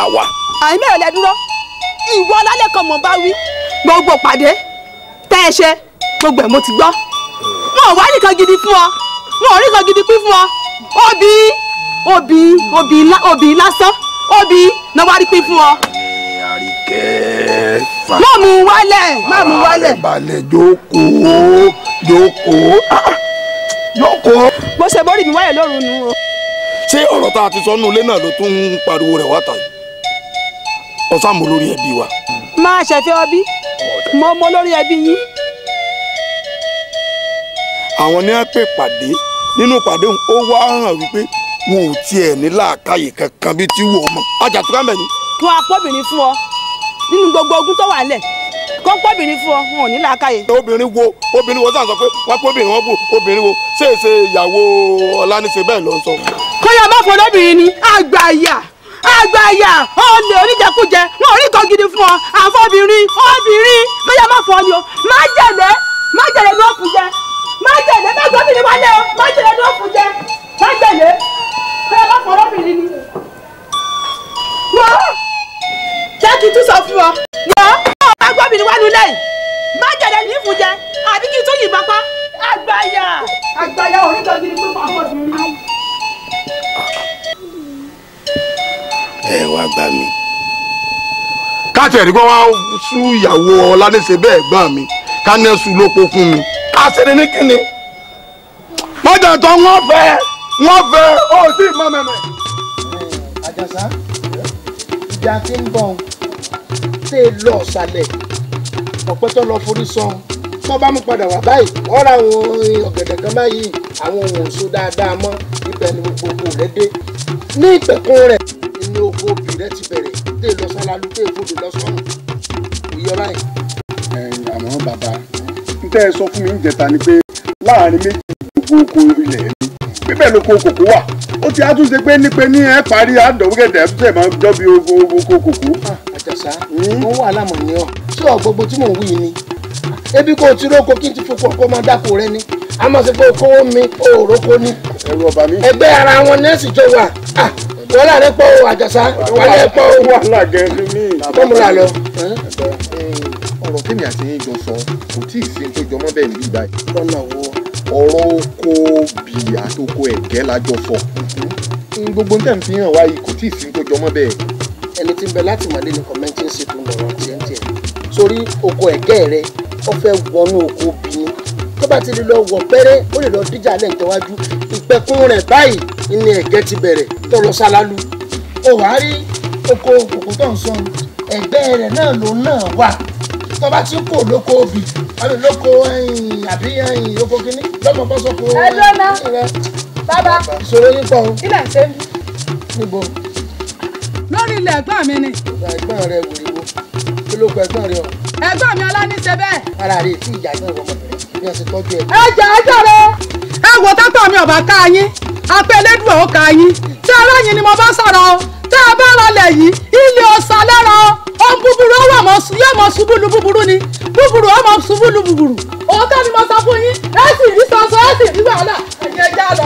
àwa. àìmọ́ ẹ̀ lẹ́dúró ìwọ lálẹ́ kan mọ̀ bá wí gbogbo pàdé tẹ́ ẹ ṣe gbogbo ẹ̀ mo ti gbọ́ wọn ò wá nìkan gidi fún ọ wọn ò rí kan gidi pín fún ọ obì obì obì obì lásán obì náà wá rí pín fún ọ. Àríkẹ́. má mú wálẹ̀ má mú wálẹ̀. balẹ̀ jókòó jókòó ah, ah, jókòó. bó ṣe borí mi wáyé lóru nu o. ṣé ọ̀rọ̀ tá a ti sọ nínú ilé náà ló tún ń pariwo rẹ̀ wá tàyè ọ̀sán mo lórí ẹbí wa. máa ṣẹ̀fẹ́ ọbí mo mọ lórí ẹbí yín. àwọn ní wọn pè pàdé nínú pàdé ó wá hàn wípé wọn ò tiẹ̀ ní làákàyè kankan bíi tí wọ́n mọ̀ ajàtúkà mẹ́ni. kí wọn apọ́bìnrin fún ọ nínú gbogbo ogun tó wà lẹ̀ kó pọ́bìnrin fún ọ wọn ò ní làákàyè. obìnrin wo obìnrin wo sàn sọ pé wọn pọ́bìnrin wọn bù obìnrin wo ṣèṣe ìyàwó ọlá bẹ́ẹ̀ ló ń sọ. kóyọ̀ bá fọdọ́bìnrin ni àgbà ìyà àgbàyà olè oníjẹkújẹ wọn ò rí kan gidi fún ọ àfọbìnrin obìnrin bóyá má fọ ni o má jẹlẹ má jẹlẹ ní òkú jẹ má jẹlẹ má gbọ́bìnrin wálé o má jẹlẹ ní òkú jẹ má jẹlẹ bóyá má fọ ọlọ́bìnrin ni. wọ́n jẹ́ kí n tún sọ fún ọ wọ́n náà má gbọ́bìnrin wá lulẹ̀ yìí má jẹlẹ ní ìfún jẹ àbí kí n tún yìnbọn pa àgbàyà àgbàyà oníjọ gidi fún ọmọbìnrin ẹ wá gbà mí. káàtì ẹ̀rí kan wá sú ìyàwó ọ̀làníṣe bẹ́ẹ̀ gbà mí kánẹ́sù ló po fún mi. àṣírí ní kíni mọ́jà tó wọ́n fẹ́ wọ́n fẹ́ ó sì mọ́ mẹ́mẹ́. àjàsá ìjà ti ń bọ̀ ṣe lọ́ọ̀ṣálẹ̀ ọ̀pẹ́ tó lọ forí sọ́hún tó bá mú padà wá báyìí wọ́n àwọn ọ̀gẹ̀dẹ̀ kan báyìí àwọn ohun ọ̀ṣọ́ dáadáa mọ́ ibẹ̀ ni gbogbo rẹ̀ dé ní ìpẹ̀kun rẹ̀ ni oko obì rẹ̀ ti bẹ̀rẹ̀ dé lọ́sálálú dé ìfodò lọ́sọ̀rùn kò yọ báyìí. àmọ́ bàbá n tẹ́ ẹ sọ fún mi ń jẹta ni pé láàrin méjì gbogbo oko ilẹ̀ mi bíbẹ̀ ló ko kòkó wà ó ti àtúnṣe pé nípe ní ẹ parí àdọ̀wọ́gẹ̀dẹ̀ ẹ̀ máa jọ́ bí oko kòkó. Ah, àjàsá mo wà lámọ̀ ní ọ tí ọ̀gbọ́gbọ́ tí mò ń wí ni ebi kò tí róko kí n ti fokò ọkọ máa dáko rẹ ni a máa ṣe pé okòwò mi òrókò ni ẹgbẹ́ ara wọn nẹ́ẹ̀sì jọ wà ah, wọ́n láre pọ̀ o àjàsá wọ́n láre pọ̀ o wà kọ́mùlà lọ. ọ̀rọ̀ tèmi àti yín jọ sọ kò tí ì ṣe tó jọmọ́ bẹ́ẹ̀ níbí báyìí. lọ́nà ọ̀rọ̀ oko bìyà àtòkò ẹ̀gẹ́ la jọ sọ. Mm-hmm. gbogbo nǹkan fi hàn wáyé kò tí ì ṣe tó jọmọ́ bẹ́ẹ̀. ẹni tí ń bẹ láti màdé ni kọ̀mẹ́ntì ń ṣètò ọ̀rọ̀ tiẹ̀ tiẹ̀ sórí oko ẹ̀gẹ́ rẹ̀ ó fẹ́ wọnú oko obìnrin tó bá ti lọ wọ̀ pẹ́rẹ́ ó lè lọ díjà lẹ́ǹtẹ̀wájú ìpẹ̀kun rẹ̀ báyìí ni ẹ̀gẹ́ ti bẹ̀rẹ̀ tó lọ ṣálálu ó wàá oko kòkó tó ń sọ ẹ̀gbẹ́ rẹ̀ náà ló náà wà tó bá ti kò lóko obì àbí lóko àbí oko kínní lọ́mọ bọ́ sọ́kò rẹ̀. ẹ lọ́nà bàbá ìṣòro yín pọ̀ o. ilẹ̀ ṣe níbo. lórí ilẹ̀ ẹ̀gbọ́n mi ni. ẹ̀gbọ́n rẹ̀ wòlíwò kí ló pẹ tán rẹ o. ẹ̀gbọ́n mi ọlá ní ṣe bẹ́ẹ̀. ara rẹ tí ìyá náà wọ ọmọbìnrin bí wọn ṣe tọ́jú ẹ. ẹ jẹ́ ẹ jọ̀rọ̀ ẹ wo tọ́tọ̀ mi ọ̀bà ká yín apẹ̀lẹ́dùn ọ̀ ká yín tí ara yín ni mo bá sọ̀rọ̀ o tá a bá rọlẹ̀ yìí ilé ọ̀sà lẹ́rọ ohun búburú ó wà mọ́ yóò mọ́ ṣubú lu búburú ni búburú ó mọ́ ṣubú lu búburú. òótọ́ ni mo sọ fún yín ẹ sì rí sọ́sọ́ ẹ sì rí wàhálà ẹ̀jẹ̀ já lọ.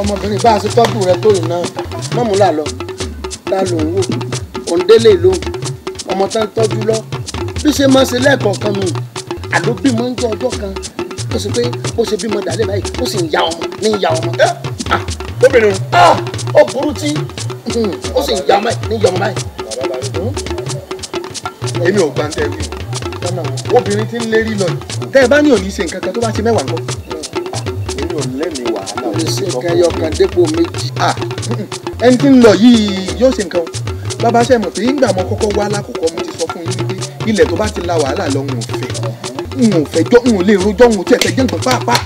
ọmọbìnrin bá a ṣe tọ́jú rẹ tó yìí náà mọ́múlà lọ lálùú wò òǹdélé lóhùn ọmọ tán tọ́jú lọ bí ṣe máa ń ṣe lẹ́ẹ̀kọ̀ọ̀kan nù àló bímọ ń jẹ ọjọ́ kan ó sì pé ó ṣe bímọ dàdé báyìí ó sì ń ya ọmọ ní ya ọmọ. obìnrin ó burú tí ó sì ń ya ọmọ ní ya ọmọ báyìí. èmi ò gbàǹtẹ̀ wí obìnrin tí ń lérí lọ yìí. tẹ́ ẹ bá ní òní ṣe nǹkan kan tó bá ṣe mẹ́wàá ńkọ́. èmi ò lẹ́mìí wàhálà. òní ṣe nǹkan ẹyọ kan dépò méjì. ẹni tí ń lọ yìí yóò ṣe nǹkan o bàbá ṣe mọ̀ pé ìgbà mo kọ́kọ́ wá lákòókò mo ti sọ fún yín wípé ilẹ̀ tó bá ti la wàhálà lọ n ò fẹ́ ò fẹ́ jọ́ n ò lè rojọ́ n ò tiẹ̀ fẹ́ jẹ́ nǹkan pàápàá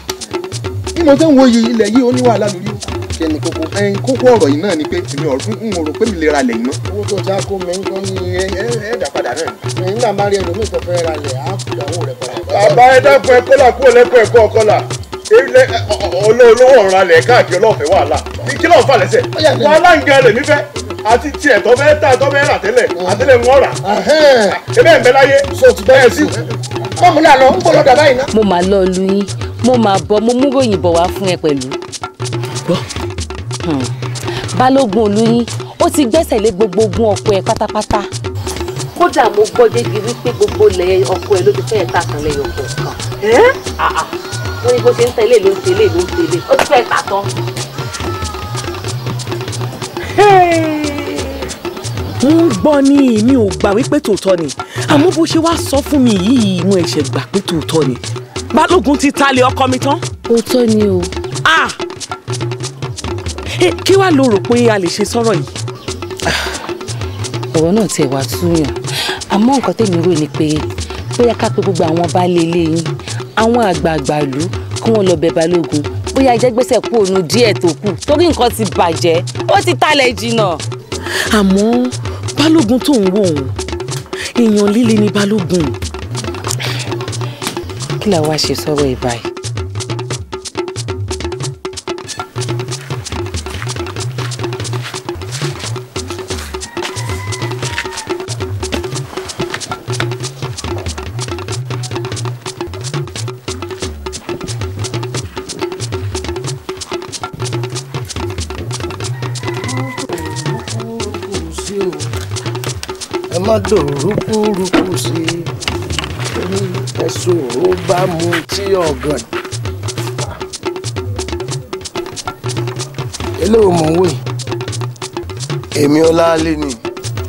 bí mo ṣe ń wo yìí ilẹ̀ yìí ó ní wàhálà lórí kí ni kókó ẹ kókó ọ̀rọ̀ yìí náà ni pé èmi ọ̀rọ̀ n ò rò pé mi lè ra lẹ̀ náà. owó tó já kó mi nǹkan ní ẹ ẹ padà náà. nígbà máa rí ẹlòmíì tó fẹ́ ra lẹ̀ á kú rẹ̀ padà. bàbá ẹ dákun ẹ kọ́là kúrò lẹ́kọ̀ọ́ ẹ̀kọ́ ọ̀kọ́là ilé olówó ọ̀ràn alẹ̀ káàkiri ọlọ́ọ̀fẹ́ wàhálà kí ń falẹ̀ sẹ̀ wàhálà ń gan alẹ̀ nífẹ̀ẹ́ àti tiẹ̀ tó fẹ́ tà tó fẹ́ rà tẹ́lẹ̀ àtẹ́lẹ̀ ń wọ́n rà ẹbẹ̀ ń bẹ láyé bẹ́ẹ̀ sí. mọ́mú là lọ ń gbọ́ lọ́dà báyìí ná. mo máa lọ lu yín mo máa bọ mo mú ròyìn bọ̀ wá fún ẹ pẹ̀lú. Hmm. balógun olúyín ó ti gbẹ́sẹ̀ lé gbogbo ogun ọkọ ẹ pátápátá kódà mo gbọ́ débi wípé gbogbo ilẹ̀ ọkọ ẹ ló ti fẹ́ẹ̀ tà kan lẹ́yìn ọkọ kan. Hey! ń gbọ́ ní èmi ò gbà wípé tòótọ́ ni àmọ́ bó ṣe wá sọ fún mi yìí mo ẹ̀ṣẹ̀ gbà pé tòótọ́ ni balógun ti ta lé ọkọ mi tán. òótọ́ ni o. ah kí wàá lo rò pé a lè ṣe sọ́rọ̀ yìí. ọ̀rọ̀ náà tiẹ̀ wá túyàn àmọ́ nǹkan tèmi rò ni pé bóyá ká pé gbogbo àwọn baálé ilé yín àwọn àgbààgbà ìlú kí wọ́n lọ bẹ balógun bóyá ìjẹ́gbẹ́sẹ̀ kú òun díẹ̀ tó kù torí nǹkan ti bàjẹ́ ó ti talẹ̀ jìnnà. àmọ́ balógun tó ń wò òun èèyàn líle ni balógun. kí la wá ṣe sọ́rọ̀ ìbáyìí. mọ́tò rúkúrúkú sí ẹ̀sùn ó bá mu tí ọ̀gàn. eléwo mò ń wè. èmi ọláálé ni.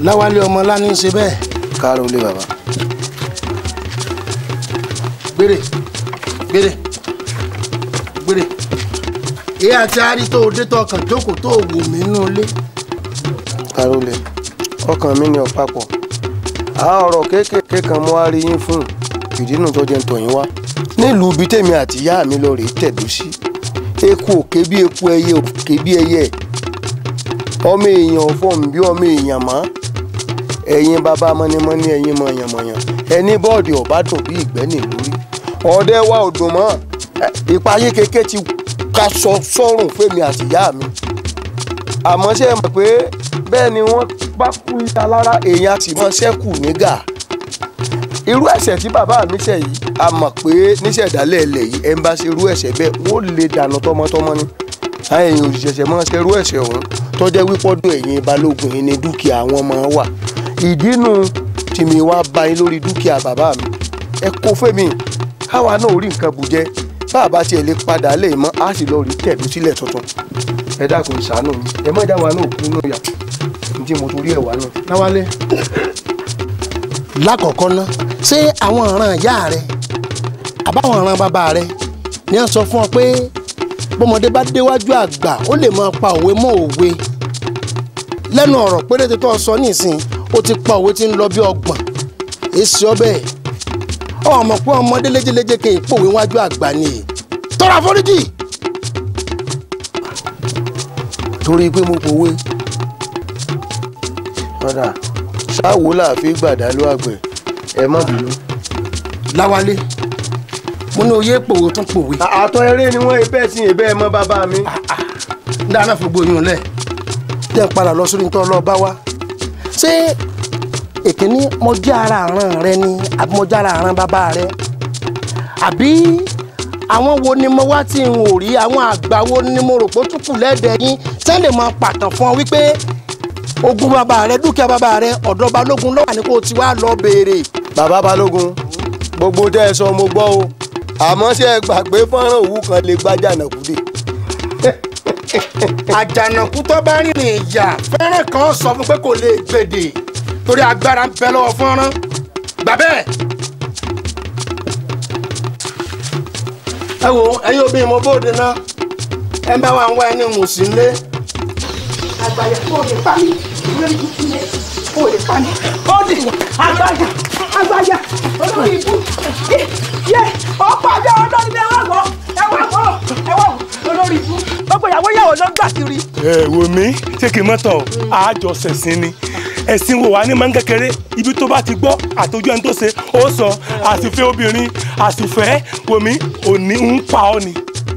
láwálé ọmọ ọlá ní í ṣe bẹ́ẹ̀. káàárọ̀ lé bàbá. gbére gbére gbére èyí àti ari tó o dé tó ọkàn jókòó tó o wò mí nínú ilé. káàárọ̀ lé ọkàn mi ni ọ̀pápọ̀ a ọ̀rọ̀ kéékèèké kan mo wá rí yín fún ìdínú tó jẹ́ ń tọ̀ yín wá nílùú ibi tèmi àti ìyá mi lọ rèé tẹ̀dó sí eku òkè bí eku ẹyẹ òkè bí ẹyẹ ọmọ èèyàn ọ̀fọ̀n bí ọmọ èèyàn mọ́ ẹ̀yin bàbá mọ́nímọ́ní ẹ̀yin mọ̀yànmọ̀yàn ẹni bọ́ọ̀dì ọ̀bá dùn bí ìgbẹ́ nìlórí ọ̀dẹ wa ò dùn mọ́ ìpayé kéké ti ka sọ sọ́rùn fèmi àti ìyá mi àmọ́ ṣe é mọ̀ pé bẹ́ẹ̀ ni wọ́n bá kú ìta lára èèyàn sì máa ṣẹ́kù nígà irú ẹ̀ṣẹ̀ tí bàbá mi ṣẹ̀ yìí a mọ̀ pé níṣẹ̀dálẹ̀ ilẹ̀ yìí ẹ̀ ń bá ṣe irú ẹ̀ṣẹ̀ bẹ́ẹ̀ wọ́n lè dànù tọmọtọmọ ni àwọn èèyàn òṣìṣẹ́ máa ṣe irú ẹ̀ṣẹ̀ ọ̀hún tọ́jẹ́ wípọ́dún ẹ̀yìn balógun yìí ni dúkìá wọn máa wà ìdínú tìmí wá ba yín lórí dúkìá bàbá mi ẹ kó fẹ́mi káwa náà rí nǹkan bùjẹ́ bàbá tiẹ̀ lè padà lè mọ́ á sì lọ rí tẹ̀dú sílẹ̀ tuntun ẹ dákun ṣàánú mi ẹ má dá wa náà kú náà yàtọ̀ méjì mo torí ẹ̀ wá nù náwálé. lákọ̀ọ́kọ́ ná ṣé àwọn ọ̀ràn ìyá rẹ àbáwọn ọ̀ràn bàbá rẹ ni wọ́n sọ fún ọ pé bọ́mọdé bá déwájú àgbà ó lè máa pa òwe mọ́ òwe lẹ́nu ọ̀rọ̀ péréte tó sọ nísìn ó ti pa òwe tí ń lọ bí ọgbọ̀n èsì ọbẹ̀ ọmọ pé ọmọdé léjeléje kì í pòwe wájú àgbà ni tọrọ àforíjì torí pé mo pòwe brother ṣáàwó làáfin gbàdá ló àgbẹ̀ ẹ má bínú. láwálé mo ní oyè pòwó tún pòwé. àtọ eré ni wọn ebẹ sí ebẹ ẹ mọ bàbá mi. Ah, ah, dáná fún gbóyún lẹ jẹ́ padà lọ sórí nítorí ọlọ́ọ̀bá wa ṣé èkíní mo jẹ́ ara àrán rẹ ni àbí mo jẹ́ ara àrán bàbá rẹ àbí àwọn wo ni mo wá tí n ò rí àwọn àgbà wo ni mo rò pé ó tún kù lẹ́dẹ̀ẹ́ yín tẹ́lẹ̀ máa pàtàn fún ọ wípé ogún bàbá rẹ dúkìá bàbá rẹ ọ̀dọ̀ balógun lọ́wọ́ àní kó o ti wá lọ béèrè. bàbá balógun gbogbo tẹ́ ẹ sọ mo gbọ́ o àmọ́ ṣé ẹ gbàgbé fọ́nrán òwú kan lè gbá jànàkú dé. [laughs] àjànàkú tó bá rìnrìn ìyà fẹ́ràn kan sọ fún pé kò lè gbèdè torí agbára ń bẹ lọ́wọ́ fọ́nrán gbà bẹ́ẹ̀. ẹ wo ẹyin obìnrin mo bóde náà ẹ bá wa ń wá ẹni mùsùlùmí àgbàyà kò lè pa mí lórí ìdí yẹn kò lè pa mí ó dì àgbàyà àgbàyà olórí ibú yẹ ọ̀pọ̀ àjọ olórí ni ẹwà gbọ́ ẹwà gbọ́ ẹwà olórí ibú gbogbo ìyàwó yàwó ló ń gbà kiri. ẹ wo mi ṣé kí n mọ tán àjọ ṣẹ̀sìn ni ẹ̀sìn wo wà ní máa ń kékeré ibi tó bá ti gbọ́ àtòjú ẹni tó ṣe ó sọ àsìfẹ́ obìnrin àsìfẹ́ wòmí òní ń pa ọ́ ni.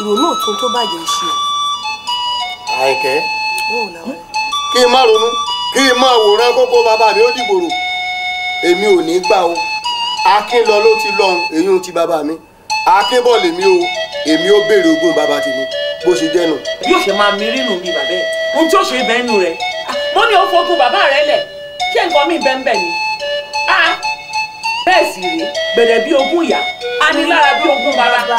ìrònú òtún tó bàjẹ́ ṣe o. àìkẹ́ kí n má ronú kí n má wòran kókó bàbá mi ó dìgbòrò èmi ò ní gbà o akin lọ ló ti lọhùn èyí ń ti bàbá mi akin bọ̀ lèmi o èmi ó béèrè ogún bàbá tèmi bó ṣe jẹ́ nù. bí o ṣe máa mi rínú mi bàbá ẹ ohun tí ó ṣe bẹ́ẹ̀ nù rẹ ah, mo ní o fogun bàbá rẹ lẹ̀ ṣé nǹkan mi bẹ́ẹ̀ bẹ́ẹ̀ ni ah, bẹ́ẹ̀ sì rèé bẹ̀rẹ̀ bí ogún ìyá a ní lára bí ogún bàbá.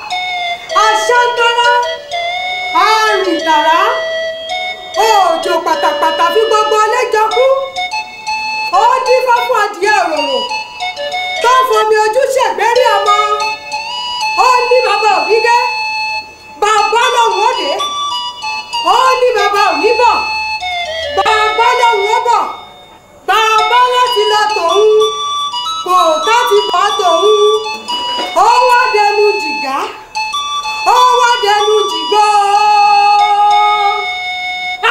aṣáńdára arìntàrá òòjò pátápátá fi gbogbo ọlẹ́jọ kú ó dín fọ́fún adìẹ òróró tó fomi ojú ṣègbérí ọmọ ó ní bàbá ògídé bàbá lòun òde ó ní bàbá òníbọ̀ bàbá lòun òbọ̀ bàbá láti lọ tòun kò tó ti bọ́ tòun ó wá dẹnu jìgá ó wá dẹnu jìgbọ́.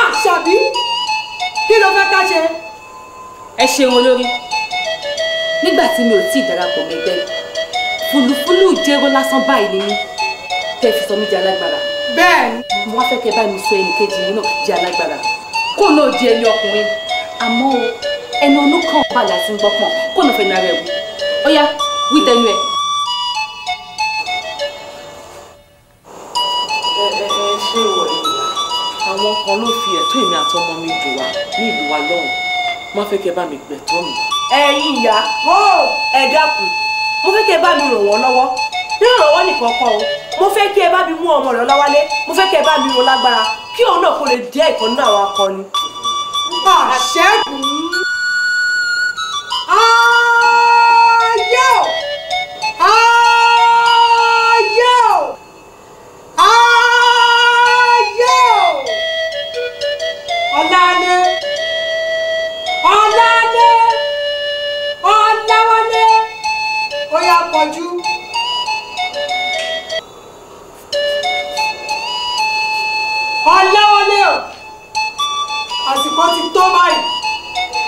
àṣàbí ah, kí ló fẹ́ ká ṣe. ẹ ṣeun olórí nígbà tí mi ò tí ì darapọ̀ mẹ́gbẹ́ fùlùfùlù jẹ́rọ lásán báyìí ni mí tẹ́ fi sọ mí di alágbára. bẹ́ẹ̀ni. mo wá fẹ́ kẹ́ bá mi sọ ẹnì kejì yìí náà di alágbára kó náà di ẹni ọkùnrin àmọ́ ẹnu ọdún kan balẹ̀ àti gbọ́pọ̀n kó náà fẹ́ nara ẹ̀ wù. ó yá wí dẹnu ẹ̀. àwọn kan ló fi ẹ̀tọ́ èmi àtọmọ mi dùn wá ní ìlú wa lọ́hùn má fẹ́ kẹ́ bá mi gbẹ̀tọ́ mi. ẹ̀yin ìyá ẹ dákun mo fẹ́ kẹ́ bá mi ràn wọ́n lọ́wọ́ rírànlọ́wọ́ nìkan kọ́ o mo fẹ́ kí bá mi mú ọmọ rẹ̀ ọláwálé mo fẹ́ kí bá mi ro lágbára kí òun náà kó lè jẹ́ ìkan nínú àwọn akọni. àṣẹ́gun fọjú. ọ̀lẹ́wọlé o àsìkò ti tó báyìí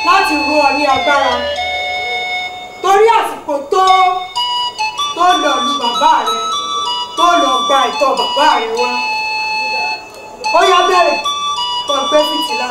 láti ru ọ ní agbára torí àsìkò tó tó lọ lu bàbá rẹ tó lọ gba ìtọ̀ bàbá rẹ wá ó yá bẹ̀rẹ̀ kọ́ gbé fìtílà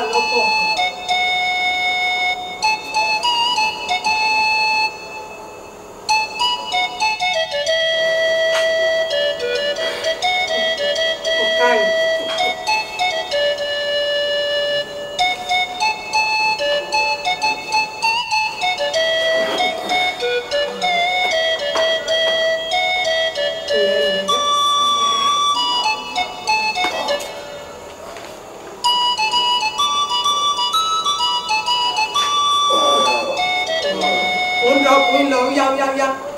幺幺幺。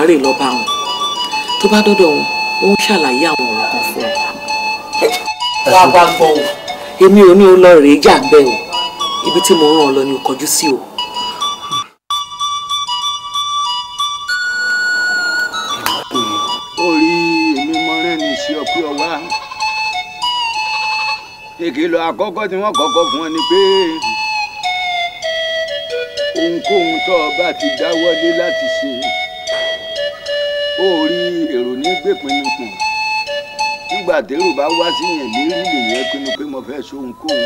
sáré lọ bá wọn tó bá dọ́dọ̀ wọn ó ń ṣàlàyé àwọn ọ̀rọ̀ kan fún ọ. wàá bá gbọ́ o. èmi ò ní o lọ rèé jà bẹ́ẹ̀ o ibi tí mo rán ọ lọ ni o kọjú sí o. orí èmi mọ rẹ́ni sí ọ̀pẹ́ ọ̀wá ìkìlọ̀ àkọ́kọ́ tí wọ́n kọ́kọ́ fún ọ ni pé ohunkóhun tó o bá ti dáwọ́ láti ṣe ó rí èrò ní gbèpinnu nígbà tèrò bá wá sí yẹn lérí lèyẹn pinnu pé mo fẹ́ ṣohunkóhun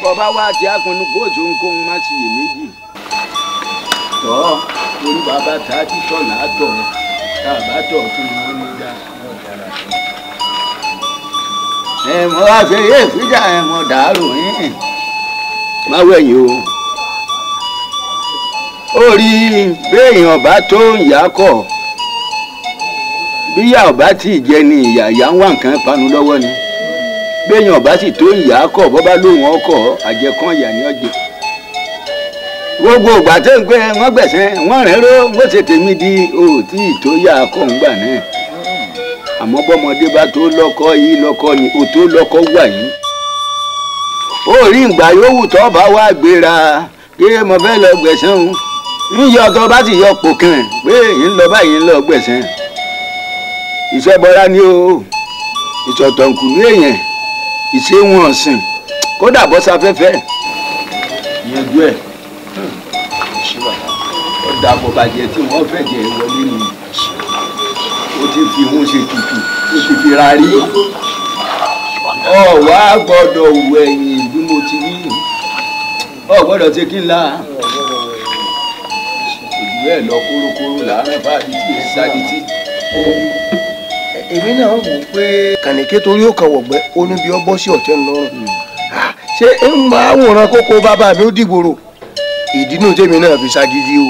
bọ́ba wá ti àpinnu kó ṣohunkóhun má sì yè méjì tọ́ orí bàbá tá a látọ̀ tá a bá tọ̀ fún mi ní dá ọ̀dára ẹ̀ mọ́ wá fẹ́ yé ìfújà ẹ̀ mọ́ dàárò yín má wẹ̀yìn o ó rí béèyàn bá tó ń yá kọ̀ bíyà ọba tí ìjẹ ni ìyà ìyá ń wá nǹkan panu lọ́wọ́ ni béèyàn ọba sì tó ìyá kọ bọ́bá lóhùn ọkọ àjẹkán ìyà ni ọjẹ gbogbo ìgbà tó ń pé wọ́n gbẹ̀sẹ̀ wọ́n rìn ró wọ́n ṣe tèmi di òtí ìtóyà kọ̀ ń gbà náà àmọ́ bọ́mọdé bá tó lọ́kọ yìí lọ́kọ ni ò tó lọ́kọ wà yìí ó ìgbà yòówù tó bá wá gbéra pé mo fẹ́ lọ gbẹ̀sán ń yọ tó bá sì yọ pò kàn pé ń lọ báyìí ń lọ gbẹ̀sán ìṣẹ́bọra ni o ìṣọ̀tọ̀nkùlú èèyàn ìṣéwọn ọ̀sìn kódà bọ́ sáfẹ́fẹ́ yanjú ẹ̀ hmm. ó da àbọ̀bàjẹ́ tí wọ́n fẹ́ jẹ́ wọlé ni ó ti fi wọn ṣe tutù ó ti fi ra rí ọ wá gbọ́dọ̀ wù ẹ̀yìn bí mo ti rí ọ gbọ́dọ̀ ṣe kí n la ìlú ẹ̀ lọ kórókóró làárọ̀ bá di tí èsì sáà èmi náà wò ó pé kànìké torí ó kan wọ̀gbẹ́ ó níbi sí ọ̀tẹ́ ńlọrùn ah, ṣé ń máa wòran kókó bàbá mi ó dìgbòrò ìdínú tèmi náà fi ṣagídí o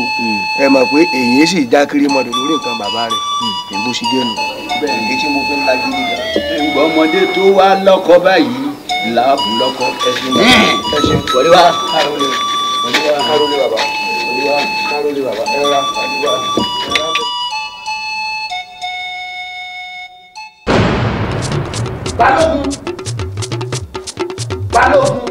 ẹ mọ̀ pé èyí sì já kiri mọ̀dọ̀ lórí nǹkan bàbá rẹ̀ ìbò sí dénú. bẹ́ẹ̀ tí mo fi ń la gidi ǹgbọ́n ọmọdé tó wá lọ́kọ báyìí làábù lọ́kọ ẹ̀sìn ẹ̀sìn wọlé wá kárólé wọlé wá kárólé bàbá wọlé wá bàbá ẹ̀rọ balógun balógun.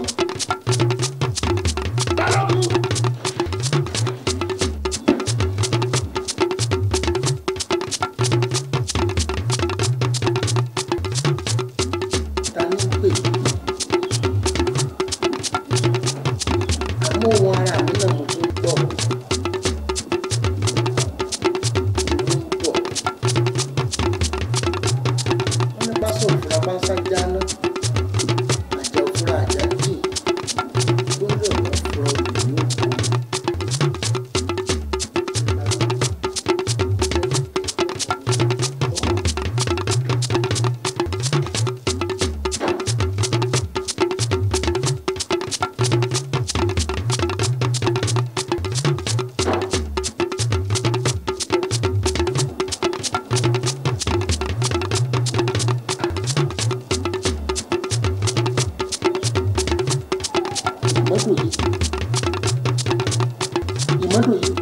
What do you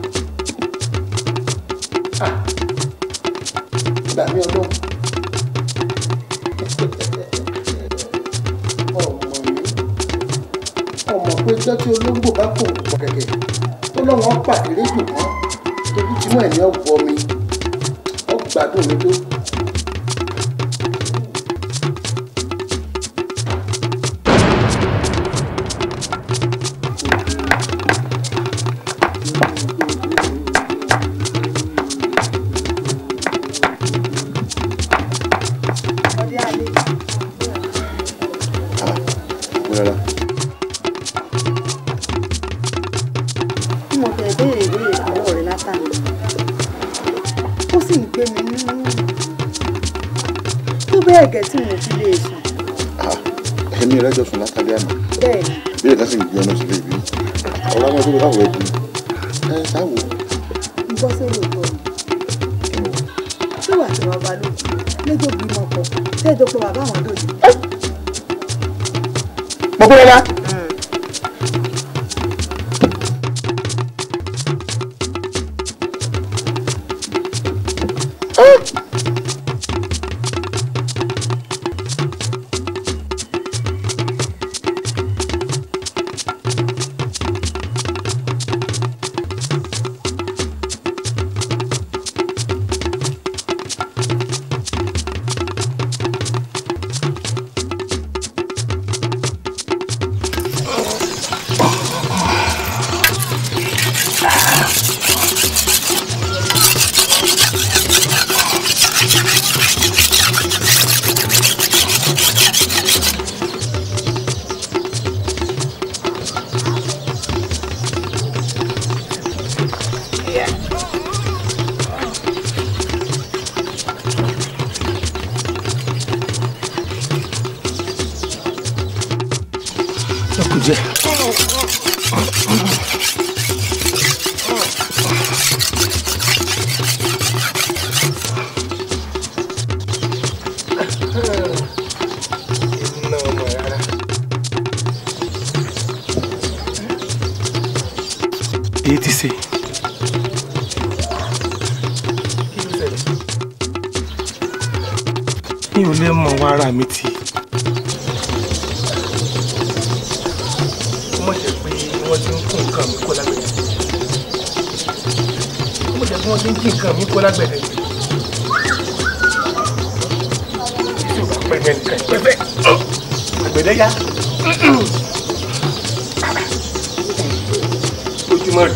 wọn ti ń jí nǹkan mi kó lágbẹ̀dẹ. pẹ̀lẹ́ nǹkan àgbẹ̀dẹ yá ojúmọ́ rẹ̀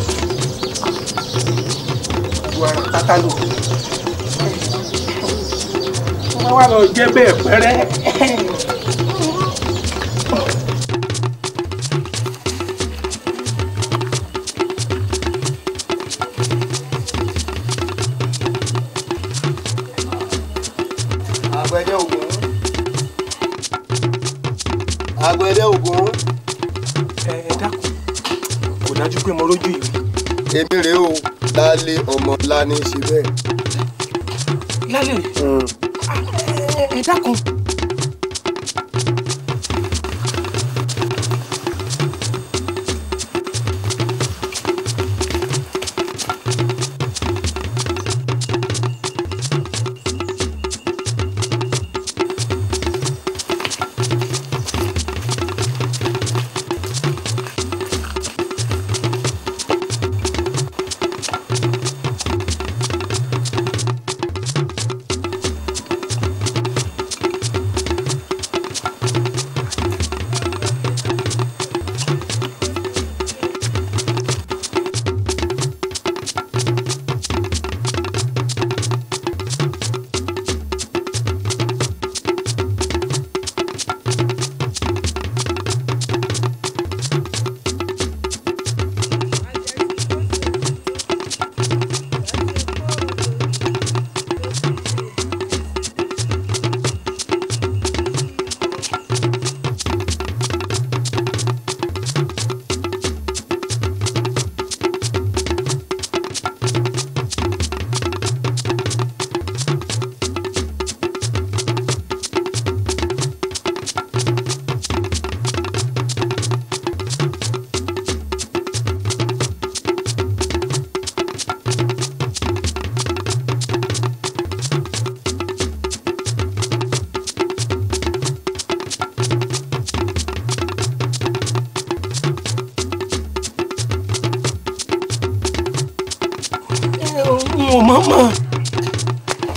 wà pátálò wọ́n wá lọ jẹ́ bẹ́ẹ̀ pẹ́rẹ́. I need you bẹ́ẹ̀.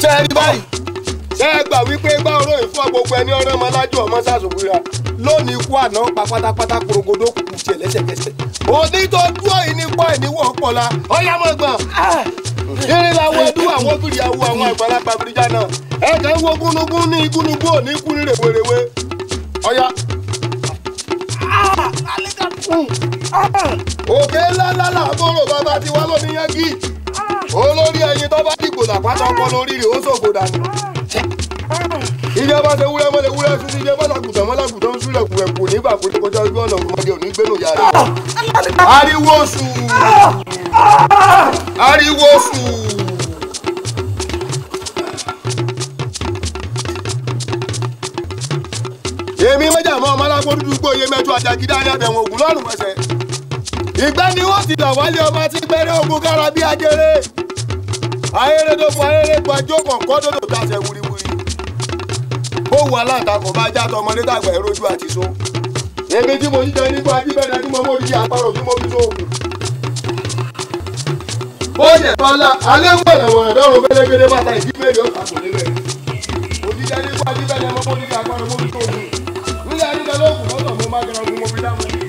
ṣe é rí báyìí ṣe é gbà wípé gbá oró ìfún gbogbo ẹni ọ̀rọ̀ ọmọ ọmọ sàṣùwìrà lónìí ikú àná pa pátápátá korogodo kùkù tiẹ̀ lẹ́sẹ̀kẹsẹ̀ òní tó dúró yìí nípa ìníwọ̀ ọpọlá ọ̀yàmọ̀gbọ̀n irin làwọn ẹdú àwọn obìnrin awo àwọn àgbàlagbà abirija náà ẹ kà ń wo gúnugún ní gúnugún òní kú ní rèwerèwe ọ̀yà. òkè ńlá ńlá làbúrò bàbá tiwa lónìí olórí ẹyin tó bá dìgbò làpáta ọpọ lórí rẹ̀ ó ṣògo dànù. ìjọba ṣe wúrẹ́ mọ́lẹ̀ wúrẹ́ sí ilé mọ́làgùtàn mọ́làgùtàn ń súlẹ̀ kù nígbà kó ti kọjá ojú ọ̀nà ọmọdé òní gbénu yàrá. ariwo sùn ariwo sùn. èmi mẹ́jà mọ́ ọmọ dúdú gbó iye mẹ́tọ́ àjàgídá ní ògùn lọ́rùn mọ́sẹ̀. ìgbẹ́ wọ́n ti dà ọba tí gbẹ́rẹ́ ogun kára bí ajere ayérédógún ayérégbọn jókòó kọ́dọ̀dọ̀ tàṣẹ wuriwuri bówù aláǹtakùn bá já tọmọdé tàgbà ẹ rojú àti so èmi tí mo jíjẹ nígbà ajíbẹ̀dẹ̀ tí mo mọ̀ orí àparò tí mo fi so òògùn. ó yẹ tọ́lá alẹ́ ń wẹ̀rẹ̀ wọ̀rẹ̀ dọ́rùn gbẹdẹgbẹdẹ bàtà ìdíbẹ̀rẹ̀ ọ̀tà kò débẹ̀ mo jíjẹ nígbà ajíbẹ̀dẹ̀ mo mọ̀ orí àparò mo fi so òògùn nílẹ̀ àdídẹ́lógún lọ́sọ̀ mo má gẹ̀rọ̀ mo fi dá mo fi.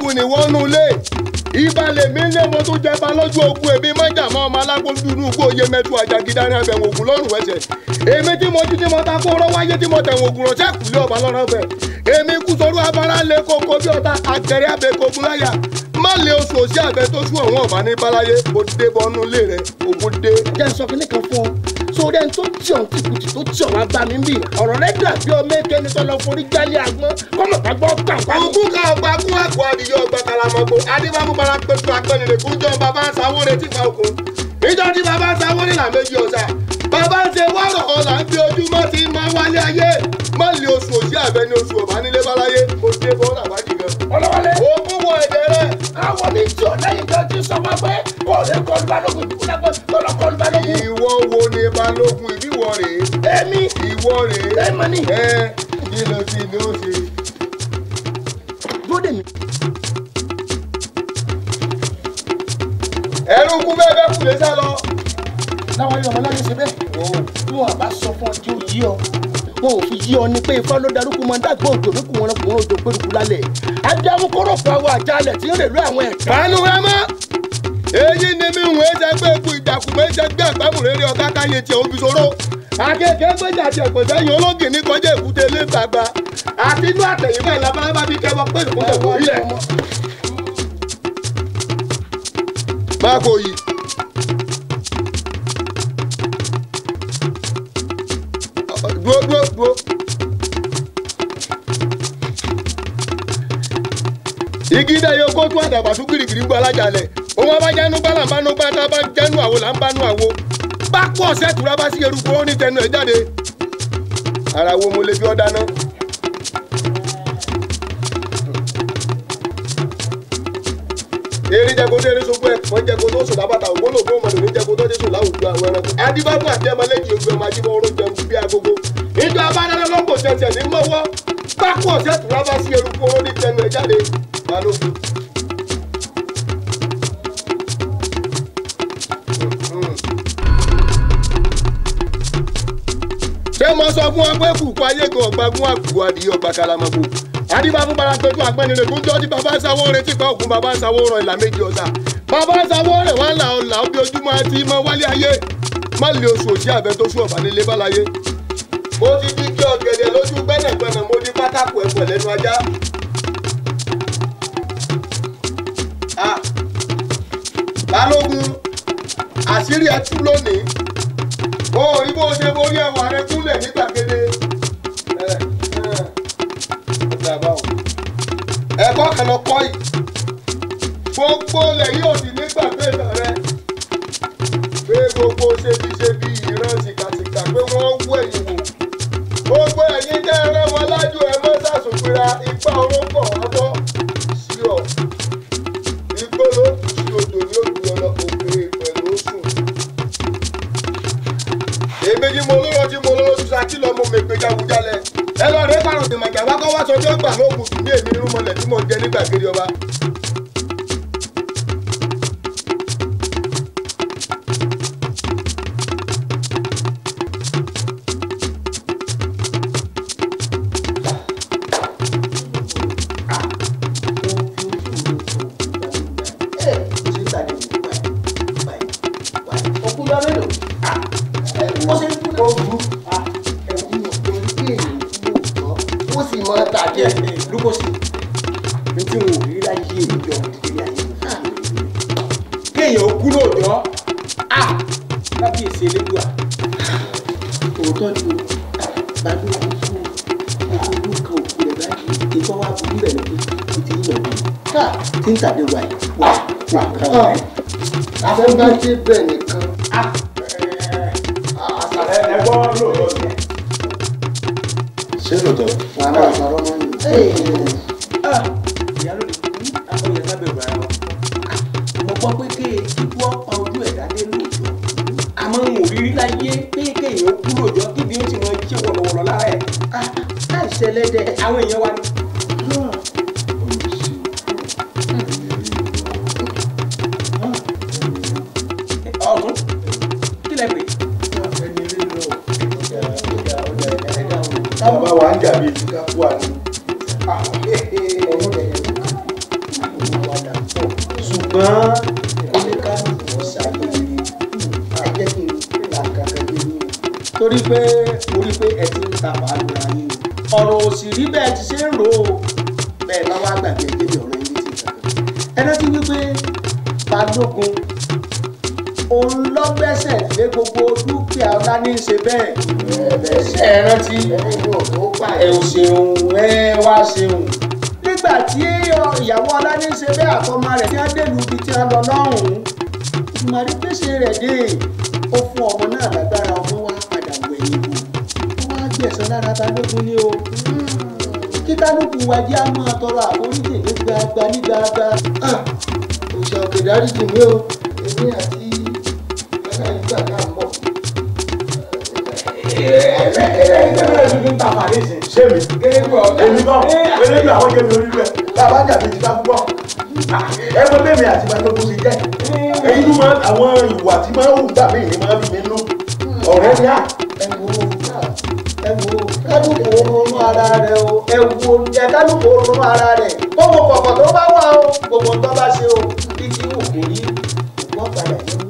ogun ni wọ́n nu lé ìbàlẹ̀ mi lé mo tó jẹba lọ́jọ́ ogun èmi má jà mọ́ ọmọ alágbóńdú inú igbó yé mẹ́tú àjàgídá ní abẹ̀wò ògùn lọ́rùn ẹsẹ̀ èmi tí mo jí tí mo ta kó rọ́wáyé tí mo tẹ̀wọ̀n ògùn rọ̀ sẹ́kùlé ọba lọ́rọ̀ bẹ̀ èmi kú sorú abara lé koko bí ọ̀tá àtẹ̀rẹ́ abẹ́kogun láyà má lè oṣù òsì àgbẹ̀ tó sún ọ̀wọ́n ọ̀bà ní báláyé òdìdé bọ́nú lé rẹ̀ ògùn dé. jẹ́ sọ kí torí ẹni tó jẹ ọ̀hún kùtùkùtù tó jẹ ọ̀hún agbá mi bì ọ̀rọ̀ rẹ dàbí ọmọ èké ní sọlọ forí jálé agbọ́n kọ́mọ̀ gbàgbọ́ kà pa. òkú ká ọgbà kú àpò àdìyẹ ọgbà kàlàmọ́gbò adébámu bala pẹ̀tù àpẹnìlẹ̀ kú jọ bàbá sáwó retí pa òkú ìjọ tí bàbá sáwó nílà méjì ọ̀sà bàbá ṣe wárọ̀ ọ̀là ń fi ojúmọ́ ti máa wálé ayé má lè oṣù òṣì àbẹni oṣù ọ̀bánilé báláyé dé bọ́ọ̀lù àbájì gan. ọlọ́wálé. òkú wọ ẹ̀jẹ̀ rẹ̀ àwọn oníjì ọ̀lẹ́yìn tó ti sọ ma pé kò lè kọlu balógun ìdúgbò náà kó lọ kọlu balógun. ìwọ wo ni balógun ìbíwọ rèé. èmi ìwọ rèé. ẹ mọ ni. ẹ kí ló ti ní ó ṣe. dúró dè mí. ẹrú kú bẹ́ẹ̀ bẹ́ẹ̀ kù lè sá lọ. láwọn ilé ọmọ láti ṣe bẹ́ẹ̀. wọ́n àbá sọ fún ọ tí ọ wọn ò fi yí ọ ni pé ifá ló darúkú mọ dágbò òjò lókun wọn kò rọjò gbèrúkú lálẹ́ abiamu kóró pa àwọn àjálẹ̀ tí ń rèlú àwọn ẹ̀ka. bánú rẹ mọ èyí ni mi ń wéé jẹgbẹ ikú ìdàkùn méjì jẹgbẹ àgbàmùrẹ́rẹ́ ọ̀gá káyé tiẹ̀ òbí sọ̀rọ̀ akẹ́kẹ́ gbẹ́jà àti ọ̀pẹ̀sẹ̀ yìí olóògì ní kọjá èkúté ilé gbàgbà àti inú àtẹ̀yìnbá ìlàbálábá bíi kẹwọ́ pé ìkúté kò rí ẹ̀. má yìí. dúró dúró dúró. igi dáyọ kótó àdàbà tún gírígírí gbọ́ alájàlẹ̀ òun abájánú gbálàmbánú gbátá bá jánú àwo là ń bánú àwo bá pọ̀ sẹ́tùrá bá sí eruku ó ní tẹnu ẹ̀ jáde. ara wo mo lè fi ọ́ dáná. eré jẹko tó eré sọgbó ẹkọ jẹko tó sùn lábàtà ògbólógbó ọmọdé ní jẹko tó ti sùn láwùjọ àwọn ẹranko. adibagun àti ẹmọlẹ́jì ogun ọmọ ajíbọ̀ oró jẹun bí agogo. ìjọ abánáńlọ́gbò tẹ̀tẹ̀ ní mọ́wọ́ pákó ọ̀sẹ̀ tó lábá sí eruku oró ní tẹnu ẹ̀ jáde balógun. ṣé mo sọ fún ọ pé kùkú ayé kan ọgbà gún àkùkù adìyẹ ọgbà kalamọ́gbò àdìbà fún parapẹ̀tù àgbẹ̀nìrè fún jọ́ọ́dí bàbá sáwó rẹ̀ tí pa òkun bàbá sáwó rẹ̀ la méjì ọ̀sà bàbá sáwó rẹ̀ wà là ọ̀là ó bí ojúmọ́ àti mọ wálé ayé má lè oṣù òjì àbẹ tó sún ọ̀bà nílé bálayé. ó ti di kí ọ̀gẹ̀dẹ̀ lójú gbẹ́nàgbẹ́nà mo ní pátákó ẹ̀pọ̀ lẹ́nu ajá. balógun àṣírí ẹ tú lónìí. o ò ṣe borí ẹwà rẹ kúnlẹ̀ ní gbàgede dáadáa báwo ẹ̀kọ́ kan lọ kọ́ yìí gbogbo lẹ́yìn òdì nígbàgbé rẹ pé gbogbo ṣebíṣebí ìran tìkàtìkà pé wọ́n wú ẹ̀yìn tiẹ̀ sọ lára balógun ni o kíkálukú wa jẹ́ àmọ́ tọrọ àforíjì ní gbagba ní gbagba òṣà òkè dáríjì mi o èmi àti bàbá yìí gbà náà ń bọ̀. ẹgbẹ́ ẹgbẹ́ ìgbẹ́ mi ń ta màlẹ́ ìsìn ṣé mi èmi bọ̀ èmi bọ̀ àwọn jẹ́mi orí rẹ̀ bàbá jàbí ti bá púpọ̀ ẹ mọ bẹ́ẹ̀ mi àti balógun ti jẹ́ èyí ló máa àwọn ìwà tí máa ń hù gbà mí ni máa ń fi mí nú ọ̀rẹ́ ni à kálukú ronú ara rẹ̀ o ẹ wo ẹ kálukú ronú ara rẹ̀ gbogbo kọ̀kọ̀ tó bá wà o gbogbo tó bá ṣe o bí kí wò kò rí ìgbọ́n padà yẹn